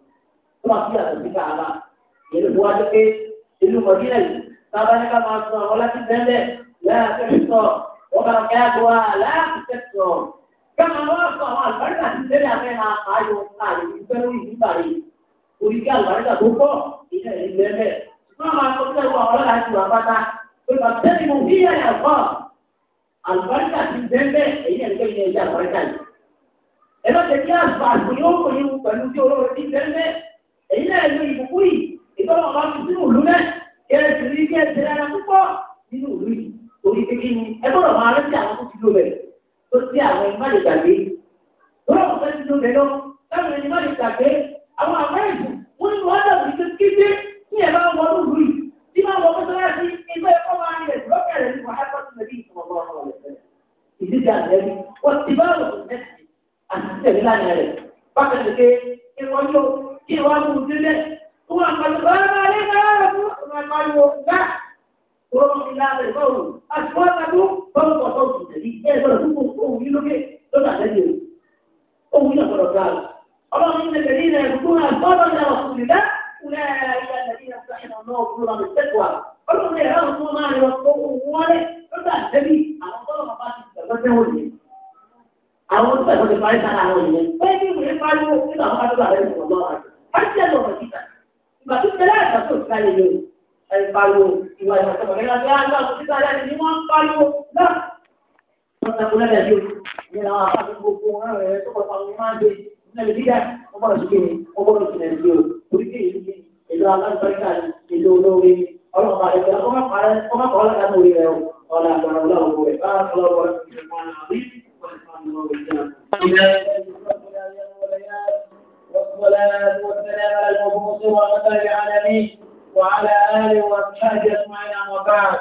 máa fi àtọ̀ sí káàbà yẹn ló wá dé pé ìlú mọ̀dínà yìí sábà ní ká máa sun àwọn láti bẹ́ẹ̀ láàfin sọ wọ́n bá kẹ́ àgbà láàfin sọ káma wá sọ àwọn àlùbáríkà ti lé àfẹ́ ha ayọ̀ àyè ìfẹ́ lórí ìdíbà yìí orí kí àlùbáríkà tó pọ̀ ìyá ẹ̀ lẹ́lẹ̀ wọ́n máa sọ pé àlùbáríkà ti ẹ má ṣe kí àgbà àgbòyé ó kò yíwu pẹ̀lú tí olóore ti fẹ́ fẹ́ èyí náà lo ìbùkún yìí ìtọ́wọ́ bá fi sínú ìlú náà kí ẹ sì rí kí ẹ ṣe rárá púpọ̀ nínú ìlú yìí torí kékeré ni ẹ gbọ́dọ̀ máa rántí àwọn tó ti lò bẹ̀ tó ti àwọn ẹni má lè gbàgbé lọ́wọ́ kò fẹ́ ti lò bẹ̀ lọ táwọn ẹni má lè gbàgbé àwọn àmẹ́rìkù wọ́n ní wọ́n dàbí ṣe kété ní ẹ̀ bá wọ́n ní ìlú yìí tí máa ti lè bí ìtumọ̀ bọ́ ọ̀rọ̀ àti tẹ̀lé lánàá rẹ̀ bákan ní pé ìwọ yóò kí ìwọ mú un délẹ̀ kó wọn pàṣẹ báyọ̀ bá lé báyọ̀ fún ọmọ ìpariwo gbà wọ́n mú ilá rẹ̀ bọ́ọ̀lù àti wọ́n tàbí bọ́ọ̀lù kọ̀ọ̀tọ̀ òtù tẹ̀lé ẹ̀ sọ̀rọ̀ fún òun yìí lókè lọ́dà lẹ́yìn o òun yìí sọ̀rọ̀ gbà ọlọ́run ní tẹ̀lé ilẹ̀ ìdúgbò náà bọ́ọ̀lù náà wà fún ìlà kúlẹ̀ ilẹ̀ tẹ̀lé ilẹ̀ sọ̀rọ̀ náà òkúrò náà tẹ̀kọ̀ ọlọ́run ní ẹ̀rọ àwọn tó ẹ̀fọ́ ti parí sára àwọn ènìyàn bẹ́ẹ̀ ni ìwé pariwo nígbà wọn adúlọ àrẹ nìkan lọ́wọ́ àti àti ẹ̀dọ̀ ọ̀rọ̀ títà ìgbà tó tẹ̀lé àgbà tó ti káyé lórí ẹ̀rì pariwo ìwà ìwà tó wọlé lábẹ́ àgbà tó ti káyé ni wọ́n pariwo náà. wọ́n takò lẹ́lẹ̀ yìí ní àwọn àpáàdé gbogbo wọn rẹ̀ tó kọ́ fún wọn dé nílẹ̀ dídá wọ́n bọ̀rọ̀ sí kéde wọ́n bọ̀rọ̀ sí nàìjíríà orí kéde èlò alágbàríkà èlò olóore ọlọ́pàá ẹgbẹ́ ọmọ kọ́ ọ́ lágbàdo rẹ̀ ọ̀la àgbàrá ọlọ́wọ́ rẹ̀ bá a kọ́ lọ́wọ́ rẹ̀ والصلاة والسلام على المبعوث ورحمة وعلى آله وأصحابه أجمعين أما بعد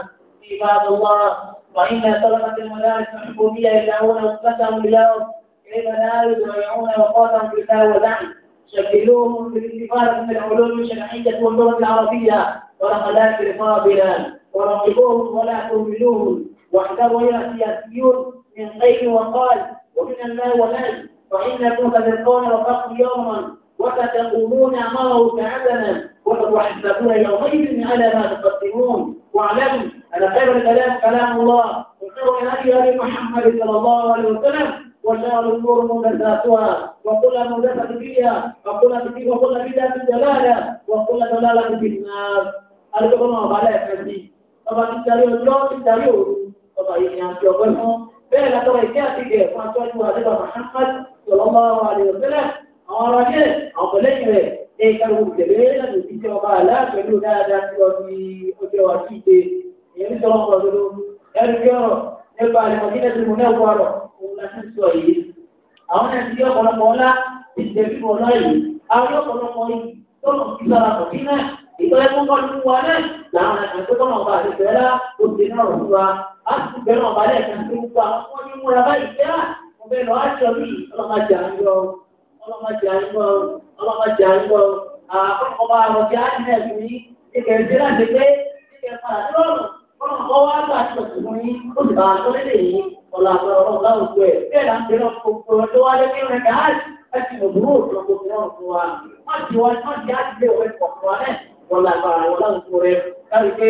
عباد الله فإن طلبة المدارس الحكومية يدعون أنفسهم بالأرض إلى منارد ويدعون أوقاتهم في التاوزعي شكلوهم بالاستفادة من العلوم الشرعية واللغة العربية والأخلاق الفاضلة ورقبوهم ولا تهملوهم واحذروا يا سياسيون من قيل وقال ومن الماء والأجل فإنكم تذكرون وقت يوما وتتقومون أمره تعبنا وتحسبون يومئذ على ما تقدمون واعلموا أن خير الكلام كلام الله وخير الهدي هدي محمد صلى الله عليه وسلم وشار الأمور محدثاتها وكل محدثة فيها وكل فيها وكل بدعة دلالة وكل دلالة في النار أرجو الله على أفندي طبعا التاريخ لا التاريخ طبعا يعني أرجو bẹ́ẹ̀ látọ̀rọ̀ ìkẹ́ àti ìgẹ̀ fún atọ́jú àdébà Muhammad sallallahu alaihi wasallam àwọn ará jẹ́ àwọn pẹ̀lẹ́yìn rẹ̀ ní ìkàwé tẹ̀lé láti fi jẹ́ ọba àlá pẹ̀lú dáadáa sí ọdún ọjọ́ àtúnṣe ìyẹn ní sọ́wọ́n kan lọ́dọ́ ẹnu kí ọ̀rọ̀ nípa àlùmọ̀dínà tí mo náà kọ́ a sì bẹ̀rẹ̀ ọ̀bá lẹ́ẹ̀kan tó ń gbà wọ́n ní múra báyìí fẹ́ à wọ́n bẹ̀rẹ̀ lọ́wọ́ aṣọ mi ọlọ́mọdé àyọ̀ ọlọ́mọdé àyọ̀ ọlọ́mọdé àyọ̀ ọba àròjẹ àyẹ̀ mi ìkẹ̀ ìdí láti pé ìkẹ̀ padà lọ́rùn ọlọ́mọ wa gbà tó fún yín ó sì bá a tó lé yín ọ̀la ọlọ́run láwùjọ ẹ̀ bẹ́ẹ̀ là ń bẹ̀rẹ̀ ọkọ̀ ọjọ́ wa lẹ́kẹ́ rẹ̀ káàdì láti mọ̀ búrò ọ̀pọ̀lọpọ̀ náà fún wa má ti wá má ti á ti lé ọ̀rẹ́ pọ̀ fún wa náà wọ́n lágbára wọn láwùjọ rẹ̀ káàdì pé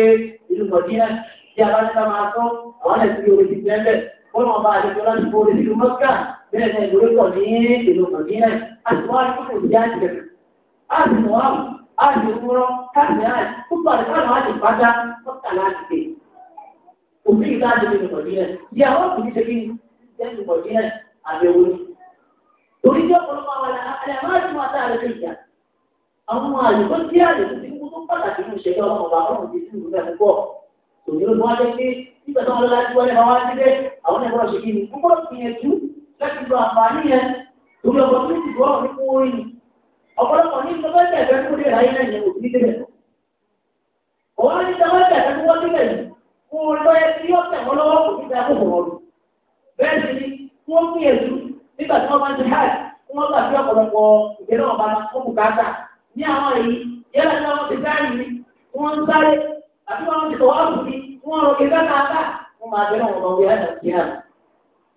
ìlú mọ̀dínà tí a bá ní ká máa tán àwọn ẹ̀sìn bí omi ti fẹ́ bẹ̀ wọ́n máa bá àlejò láti fọ́ orí ìlú mọ́tíkà bẹ́ẹ̀ náà ìlú ìtọ̀ ní ìlú mọ̀dínà àti wọ́n á tún kò sí àjẹ́ àti wọ́n á àti òwúrọ̀ káàdì àti púpọ̀ àti káàdì àti ìpàdá mọ́tíkà láti gbé òfin ìlú àti ìlú mọ̀dínà ìyàwó kò ní ṣe kí ìlú mọ̀dínà àbẹ̀wò ni torí jẹ́ ọ̀pọ̀lọpọ̀ àwọn àlẹ́ àwọn àlùkò òní ló wá lé pé nígbà tó wọn lọ láti wọlé wọn ni púpọ̀ gbìyànjú láti gba àǹfààní yẹn torí ọkọ̀ ni ọ̀pọ̀lọpọ̀ ní ìjọba ẹ̀jẹ̀ ẹ̀fẹ́ kó lè ráyé náà yẹn ò ní débẹ̀ ọ̀wọ́n ní ìjọba ẹ̀jẹ̀ ẹ̀fẹ́ kó wọ́n débẹ̀ yìí kó lọ ẹ tí ó tẹ̀ wọ́n lọ́wọ́ kò ní dáa kó ni wọ́n gbìyànjú nígbà tí wọ́n bá ń ti háì wọ́n gbà sí ọ̀pọ̀lọpọ̀ ìgbẹ́ náà bá wọn bùkátà ní àwọn èyí yálà tí wọ́n ti dáa yìí wọ́n ń sáré àti wọn ti tọwọ́ àbùkí wọn rọ kẹta káàkà wọn máa bẹ náà wọn wọlé ayé nàìjí hàn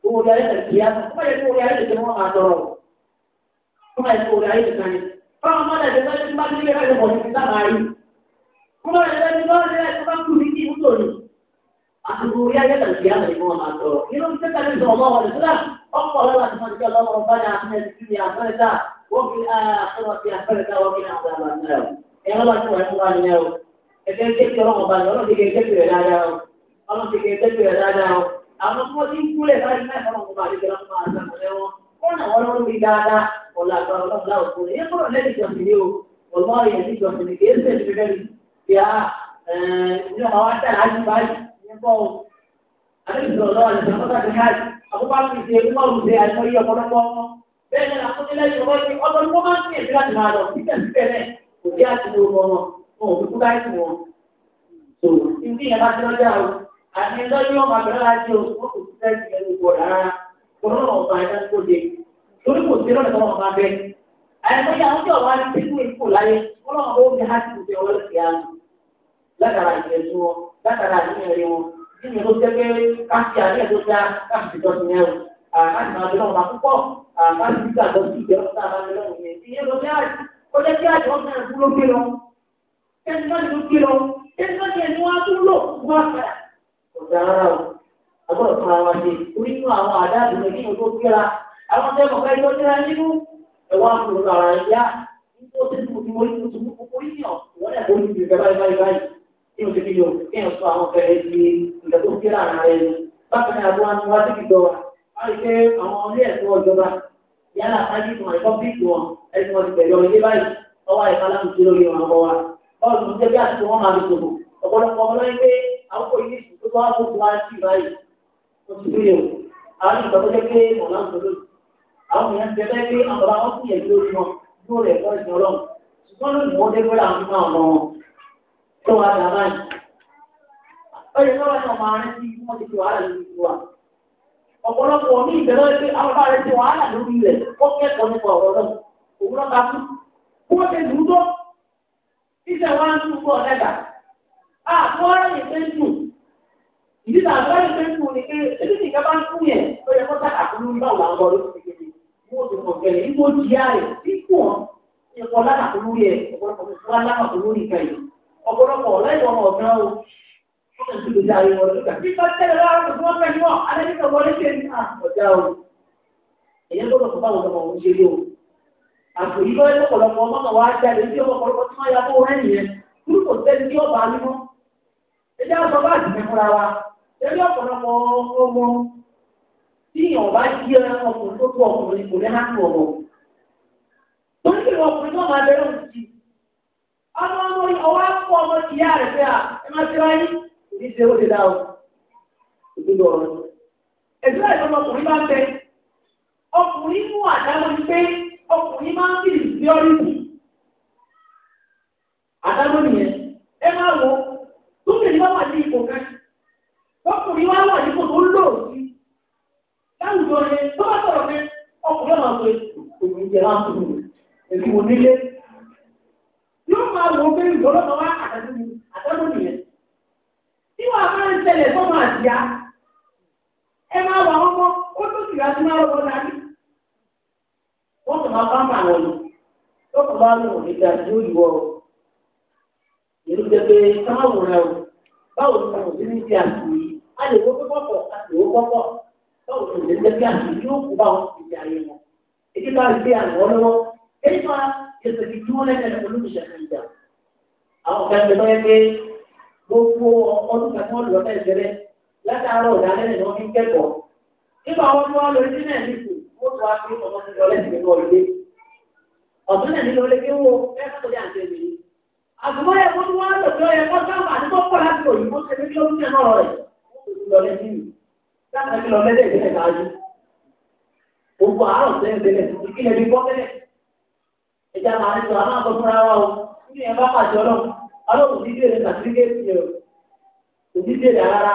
wọn wọlé ayé nàìjí hàn wọn yẹ kó wọlé ayé nàìjí wọn máa tọrọ wọn máa yẹ kó wọlé ayé nàìjí hàn fáwọn ọmọ nàìjí náà ti máa nílé ayé wọn ti sábà rí wọn máa yẹ kó wọlé ayé tó bá kú ní kí n tó ní àtúntò wọlé ayé nàìjí hàn ni wọn máa tọrọ nínú tẹ́tà ní sọ̀rọ̀ wọn wọlé sílá ti máa ti kẹ́ ọlọ́wọ́ ní àfẹ́rẹ́ta wọ́n fi àfẹ́rẹ́ta wọ́n fi àfẹ́rẹ́ta wọ́n ẹ̀fẹ́ kékeré ọmọ ọba ni ọlọ́run ti kékeré tẹ́tù rẹ̀ dáadáa o ọlọ́run ti kékeré tẹ́tù rẹ̀ dáadáa o àwọn tó ti ń kúlẹ̀ báyìí náà ọmọ ọba àti ìjọba ọmọ àti àtàlẹ́ wọn kọ́ náà wọn lọ́rùn mi dáadáa ọ̀la àgbà ọlọ́run láwùjọ kò ní yẹ kọ́ lẹ́yìn ìjọsìn ni o ọlọ́run yẹn ti jọsìn ni kì í ṣe ìṣẹ́ bẹ́ẹ̀ ni yà á ní ọmọ wa tẹ̀ láti báyìí ní bọ́ o àdéhùn ọlọ́run àti ìjọba máa ń ṣe máa lọ síbẹ̀síbẹ̀ náà kò sí àtúntò wọn wọn fi kú báyìí wọn. tó ibi yẹn bá ti lọ́jà o àti lọ́yìn ọmọ àgbẹ̀rẹ̀ láti o wọn kò sí sẹ́ẹ̀sì yẹn lóko rárá wọn wọn máa dá kó de torí kò sí lọ́dọ̀ wọn máa bẹ. àyẹ̀mọ́yé àwọn tí ọ̀wá ti kú ikú láyé wọn náà wọn bí hàtì kù máa bẹ lọ́wọ́ máa púpọ̀ àkáàtì gbígbà lọ sí ìjẹ́ ọ̀sán àbámẹ́lẹ́wọ̀n yẹn ìyẹn lọ sí àjò ọ̀sán ẹ̀kú ló gbé lọ tẹsíwájú tó gbé lọ tẹsíwájú ẹni wọn á tún lò wọn padà. ọ̀gá ara o àbọ̀ fún ara ṣe orí fún àwọn àdáàbò rẹ̀ nínú tó gbéra àwọn tẹ́ mọ̀ká ẹjọ́ níra nínú ẹ̀wọ̀n àtúntò ara ìyá nígbà tó ti mú ti wọlé tó ti mú kókó yín ọ̀ wọ́n dẹ̀ bóyú ti rẹ̀ báyìí báyìí báyìí kí o ti fi yọ kí ni bákan náà wọ́n á wá síbi dọ̀ wá rí pé àwọn ilé ẹ̀kọ́ ìjọba yálà sáyé ìtumọ̀ ẹ̀kọ́ bí ìtumọ̀ ẹ̀sìn ọ̀nà tẹ́lẹ̀ àti wọ́n máa ń sọ̀rọ̀ ọ̀pọ̀lọpọ̀ ọmọ náà pé àkókò yìí tó bá kó tó wá sí báyìí ó ti dúró yẹ̀wò àwọn ìgbà tó jẹ́ pé mọ̀lá ń sọ̀rọ̀ àwọn èèyàn tẹ́ bẹ́ẹ̀ pé àwọn àwọn kò yẹ lórí wọn yóò rẹ̀ fọ́ ìsìn ọlọ́run ṣùgbọ́n lónìí wọ́n dé pẹ́lú àwọn máa mọ wọn tó wá dà báyìí. ọ̀yẹ̀ náà wọ́n máa pé àwọn bá rẹ̀ ti wàhálà lórí rẹ̀ kọ́ títẹ̀ wá ń túbọ̀ lẹ́gà àkọ́rẹ́ yìí pé ń dùn ìdí náà àkọ́rẹ́ yìí pé ń dùn ni pé ebi tí ìjọba ń fún yẹn ó yẹ kó dáka fún mi báwo làwọn ọ̀rọ̀ ti kéde mo ti mọ̀ kẹ́lẹ́ ní mo di ààrẹ tí kù ọ́ ẹ̀kọ́ lára fún lórí ẹ̀ ọ̀pọ̀lọpọ̀ wá lára fún lórí ìkẹyìn ọ̀pọ̀lọpọ̀ ọ̀lẹ́yìn ọmọ ọ̀gá o ó kàn sí lójú ayé wọn lókà bí wọ́n tẹ̀lé lára fún wọn fẹ́ ni wọ́n alẹ́ nípa wọlé ṣe ní àpọ̀já o èyí ló lọ́kọ̀ báwọn ọmọ òun ṣe rí o àpò yìí lọ́wọ́ lọ́pọ̀lọpọ̀ ọmọ wa jáde ní ọ̀pọ̀lọpọ̀ tí wọ́n ya bó rẹ́ nìyẹn kúrú kò sẹ́ni tí ọba mímọ́ ẹjẹ́ àgbà bá àdìmẹ́ fúnra wa ẹjẹ́ ọ̀pọ̀lọpọ̀ ọmọ tí ọba jí ọkùnrin tó tó ọkùnrin kò ní hàn ọ̀rọ̀ torí kí ọkùnrin náà máa bẹ̀rẹ̀ òun ti ọmọ ọmọ ọwọ́ akọ ọmọ ti yá rẹ̀ fẹ́ à ẹ máa tẹ́ra yín ní ṣe ó ti dá o òdodo ọ̀rọ̀ ẹ̀dúrà ìfọmọkùnrin bá bẹ ọkùnrin mú àdá lórí pé ọkùnrin máa ń bìrì sí ọ́rìsì. Àdámọ́ nìyẹn. Ẹ máa wo, tókùnrin bá wà ní ipò kan. Ọkùnrin wá wà nípò tó lò sí. Láwùjọ yẹn, tó bá sọ̀rọ̀ pé ọkùnrin máa pe òun jẹ máa tó lò. Èmi wò nílé. Yóò máa wo pé ìgbọ́lọ́mọ wá àdámọ́ nìyẹn. Tí wàá máa ń ṣẹlẹ̀ sọ́mọ àdìyá, ẹ máa wà ọmọ, ó tó sì rà sí máa wọ kò máa bá màá wọlé tó kò bá lò ní ìgbà tí ó yìí wọ o èyí jẹjẹ sáwọn rẹ o báwo ni mo ti ní ti àti yìí a lè wo pípọ̀pọ̀ a lè wo pọ́pọ̀ báwo ni mo ti ní jẹ́ kí yóò kó bá ti di ayé wọn èyí bá gbé àná lọ́wọ́ èyí máa yẹtọ̀ ti dúró lẹ́kẹ̀ẹ́ olùṣẹ́ kan jà àwọn kan ti lọ́yẹ́ pé gbogbo ọdún kan tí wọ́n lọ́ọ́ fẹ́ẹ́ látàárọ̀ ọ̀dà lẹ́nu ni kẹ́kọ̀ọ́ tó wá sí ọmọ tó lọ lẹ́sìn nínú ọ̀lẹ́. ọ̀tún náà nílò tó dé àǹtẹ̀ mi. àgùmọ̀ yẹ tó wá lọ sí ní ṣe ní kí ó ń náà rẹ̀. lọ mi. lọ ìdílé àárọ̀ máa ń sọ wa o ẹ̀ bá pàṣẹ ọlọ́run rẹ̀ nàìjíríà ti rẹ̀ rárá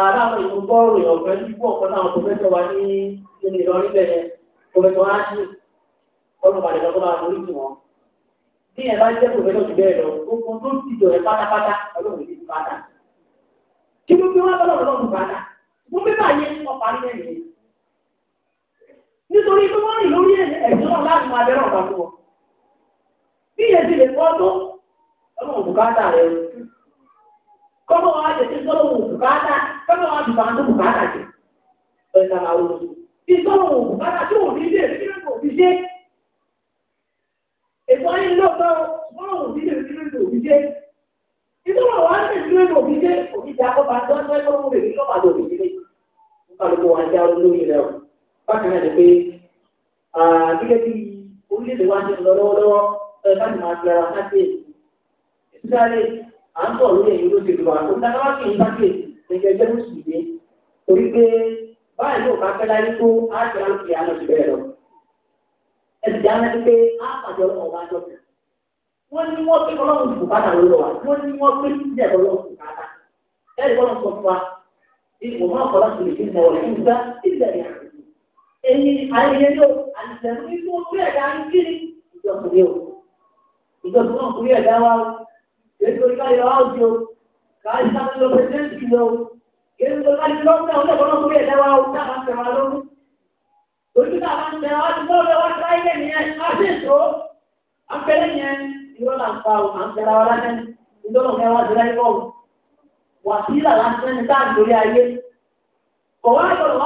aláwọ̀ ìlú bọ́ọ̀rù ọ̀fẹ́ nígbà ọ̀kan náà pòfẹ́sọ̀ wa ní ilé Ìlọrin bẹ̀rẹ̀ pòfẹ́sọ̀ wa ní ọlọ́pàá ìjọba máa lórí tì wọ́n. bí ẹ bá jẹ́ pòfẹ́sọ̀ ti bẹ́ẹ̀ lọ gbogbo tó ti jọ ẹ pátápátá ọlọ́run ti pátá. kí ló fi wá bọ́lọ̀ ọlọ́run pátá mo fi bá yẹ ọ̀pá ní ẹ̀yìn. nítorí pé wọ́n rìn lórí ẹ̀sìn náà láti máa bẹ̀rẹ̀ ọ̀pá kọ́nà wọn ti bàbá tó kù bàbá jù ẹ̀ sàrà òru ìtọ́wò bàbá tó ò ní lè kí ló fi dé ètò ayé lóòótọ́ wọ́n ò ní lè kí ló fi dé ìtọ́wò wọn á lè kí ló fi dé òbí ti akọ́ba tó ń tọ́jú ọmọ rẹ̀ lọ́ba lò ní ilé nípàlùkù wọn ajá olóyè rẹ̀ bákan náà ni pé gẹ́gẹ́ bí orílẹ̀-èdè wa ti lọ lọ́wọ́lọ́wọ́ ẹ̀ máa fi ara ká sí èsì ìsúlẹ̀ à ń sọ̀rọ̀ lórí ẹ̀yìn ló ti lù wá ó wá sí ìbá sí èsì ẹ̀jẹ̀ ẹ̀jẹ̀ ló sì gbé torí pé báyìí ló bá fẹ́ láyé tó á ti á ti àná ti bẹ̀rẹ̀ lọ. ẹ sì dáná sí pé á pàjọ ọ̀wá jọ kù. wọ́n ní wọ́n pé ọlọ́run kò bá tàwọn lọ wa wọ́n ní wọ́n pé ìdílé ọlọ́run kò bá tà. ẹ lè wọ́n sọ fún wa ìwọ̀n máa kọ́ láti lè fi mọ̀ ọ̀rẹ́ nígbà ìgbà yà. èyí ayẹyẹ yóò àtìlẹ́yìn nínú orí ẹ̀dá ń kiri ìjọba yóò ìjọba náà kúrẹ́ ẹ̀dá wa o èyí tó ń bá yọ kàrí sáfẹ́ lọ pé sẹ́ńtì jùlọ o kéwì tó bá ní lọ́gbọ̀n ọ̀dọ̀ kan náà kúrò ẹ̀dá wa o dábàá ń tẹ̀wá lọ́gbọ̀n lójú tá a bá ń tẹ̀ wá ti lọ́ọ̀dọ̀ wá sí ayé a sì ń tó a ń pẹ́lẹ́ yẹn ìrọ̀ là ń o à ń tẹ̀ra wa lásán ìdọ́nà kẹ́ wá sí láyé bọ́ọ̀lù wà sí ìlà lásán ní táà lórí ayé kọ̀wá ìgbọ̀dọ̀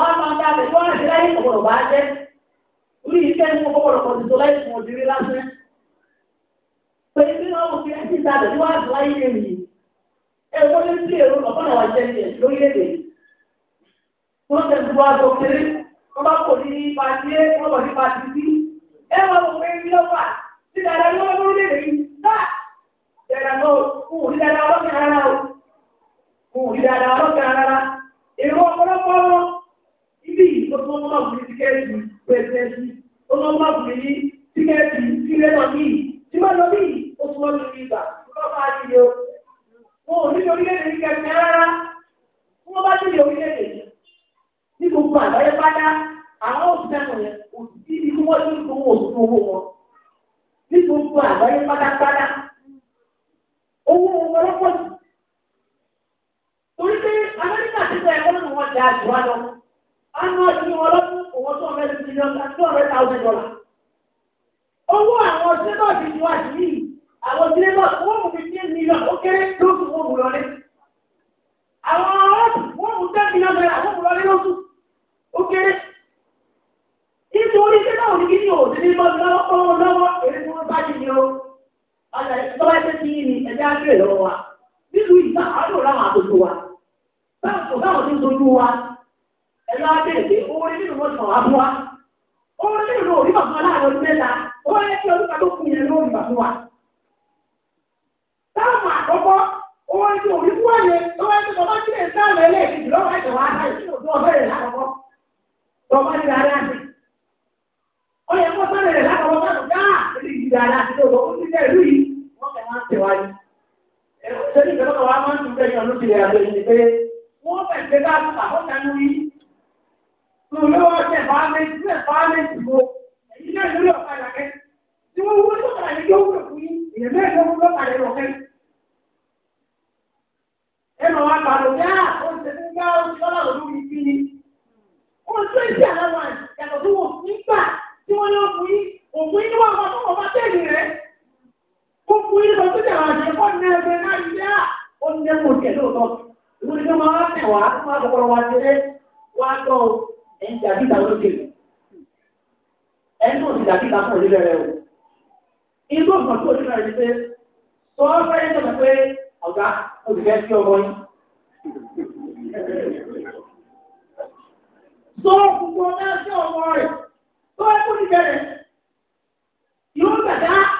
wá ìgbìmọ̀ òfin ẹ̀sìn ìtajà tí wọ́n á ẹ̀kọ́ ní sí èrò ọ̀pọ̀ àwọn àjẹyẹ lórílẹ̀-èdè wọ́n tẹ̀ bu aago kéré wọ́n bá kò ní pàtí é wọ́n bọ̀ ní pàtí sí ẹ wọ́n mọ̀ pé ní ọ̀pá ti dàda ní wọ́n lórílẹ̀ yìí náà. ìjọba wa máa ń tún bẹ́ẹ̀ yàn lóṣèlú àjọ yìí pé wọ́n fẹ̀ ṣe bá tún àkọ́ta ní wí. Tòlówó ṣe fáámẹ́tì ṣe fáámẹ́tì wo èyí náà lórí ọ̀kadà kẹ́. Tí wọ́n wúlò tó kàdé yóò wúlò fún yín, èyí bẹ́ẹ̀ ló wúlò kàdé lọ kẹ́. Ẹ máa wá gbàdọ̀ bí a ó ṣe fún gbá oṣùlọ́lá olórí bí ni. Ó ṣe àlọ́ wa yàtọ̀ tó wọ̀ nígbà tí wọ́n lọ́ fún yín, òkú inú àwọn ọmọ ọmọ bá tẹ̀lé rẹ̀ kó fún yín lọ sílẹ̀ àwọn àṣẹ fún ní ẹgbẹ́ náà yí dá ó ń dẹ́kun òkè lóòótọ́ ìwé ni wọ́n máa tẹ̀ wá wọ́n á kọ́kọ́rọ́ wá sílẹ̀ wá tọ́ ẹ̀yìn tàbí ìtàwọn òkè ẹ̀yìn tó ti tàbí ìtàwọn òkè rẹ̀ o inú ọ̀gbọ̀n tó ti rẹ̀ ni pé sọ fẹ́ yẹn tẹ̀lé pé ọ̀gá olùfẹ́ sí ọmọ yín. Sọ gbogbo ọ̀gá sí ọmọ rẹ̀ tó ẹkú ti bẹ̀rẹ̀ yóò gbàdá.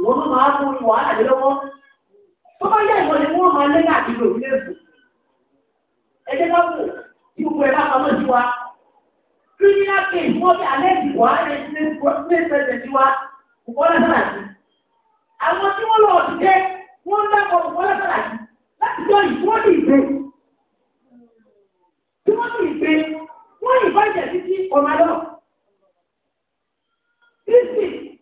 ìwọ ló máa mú wàhálà lé lọ́wọ́ tó bá yá ìwọ ni wọ́n máa lé káàkiri òbí lẹ́sùn ẹ jẹ́ ká wò tí gbogbo ẹ̀ bá pamọ́ sí wa criminal case wọ́n fi alẹ́ ìdìbò wàhálà ilé ìpẹ́sẹ̀ sí wa kò lọ́sọ̀rọ̀ àti àwọn tí wọ́n lọ ọ̀sùn jẹ́ wọ́n ń dákọ̀ kò lọ́sọ̀rọ̀ àti láti jọ ìwọ́n ní ìgbé tí wọ́n ní ìgbé wọ́n yìnbọn jẹ̀ títí ọ̀nà lọ.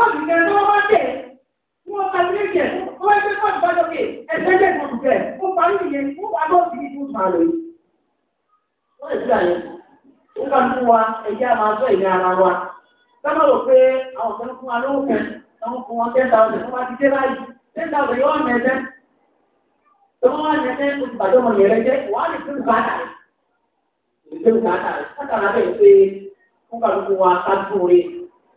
kọ́ọ̀tù kẹrin tó wọ́n bá tẹ̀ fún wọn kàlílẹ́tì ẹ̀ wọ́n bá tẹ kọ́ọ̀tù bá jẹ́ ó parí nìyẹn ó wà lọ́ọ̀tì ní ìlú màá wọ́n lè fi ó kà fún wa ẹ̀jẹ̀ a máa sọ ìní ara pé àwọn kan fún wa lówó kan àwọn kan wọn ten thousand wọn bá ti dé báyìí ten thousand yóò ọ̀nà ẹ̀sẹ̀ tó wọ́n wá ẹ̀sẹ̀ kó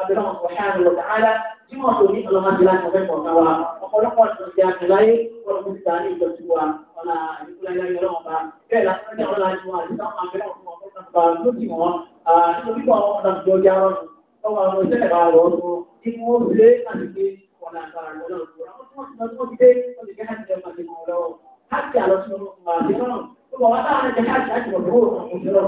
abẹ́rẹ́ ọ̀hánà lọ́dà áyá tí wọ́n tó ní ọlọ́mọdé láti ọ̀fẹ́ kọ̀ọ̀kan wa ọ̀pọ̀lọpọ̀ ti àti láyé wọ́n mú ti dání ìjọsí wa ọ̀nà àdìkúlá ilé ayé ọlọ́run bá bẹ́ẹ̀ lásán ní ọ̀la ni wọn àti táwọn abẹ́rẹ́ ọ̀fún wọn fún ọ̀nà lókì wọn nítorí pé àwọn ọ̀nà ìjọ ya wọn lọ́wọ́ àwọn ìṣẹ̀lẹ̀ bá rọ̀ ọ́ ní wọ́n lé láti gbé ọ̀nà àgbàrá lọ́wọ́ ووضعنا الجهاد أجل الروح مجرده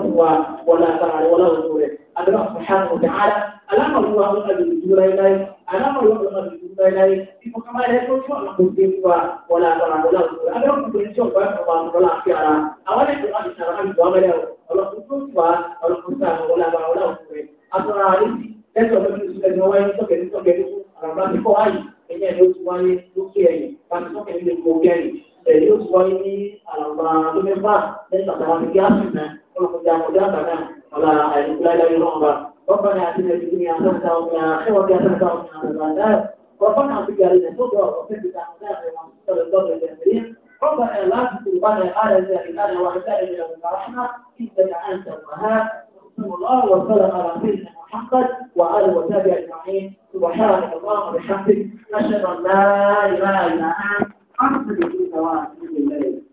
ولا ثمر ولا وجوده الله سبحانه وتعالى ألم الله من أجل الجور إليه ألم الله من أجل الجور إليه إنه كما لا يكون شيء مجرده ولا ثمر ولا وجوده ألم يكون شيء مجرده ولا أخيرا أولا يكون أجل شرعا وعمله الله سبحانه وتعالى سبحانه ولا ثمر ولا وجوده أصلا عليه ليس من يسلم وين سكت سكت أنا ما بقول ẹ̀yìn ẹ̀yìn ó ti wáyé lókè ẹ̀yìn láti tó kẹ́lí lè mú kẹ́lí ẹ̀yìn ó ti wáyé ní àlàbà lómẹ́fà lẹ́yìn àtàwọn àti gáàsì náà ọlọ́kùnrin àkọ́jà àtàkà ọ̀la àìlùkú láìláyé náà wà. ربنا آتنا في الدنيا حسنة وفي الآخرة حسنة وقنا عذاب النار ربنا اغفر لنا الهدى وثبت أقدامنا وانصرنا الضر الكافرين ربنا لا تزغ قلوبنا بعد إذ هديتنا وهب لنا من لدنك رحمة إنك أنت الوهاب الله وسلم على سيدنا محمد وآله وصحبه أجمعين سبحانك اللهم وبحمدك أشهد أن لا إله إلا أنت أستغفرك وأتوب إليك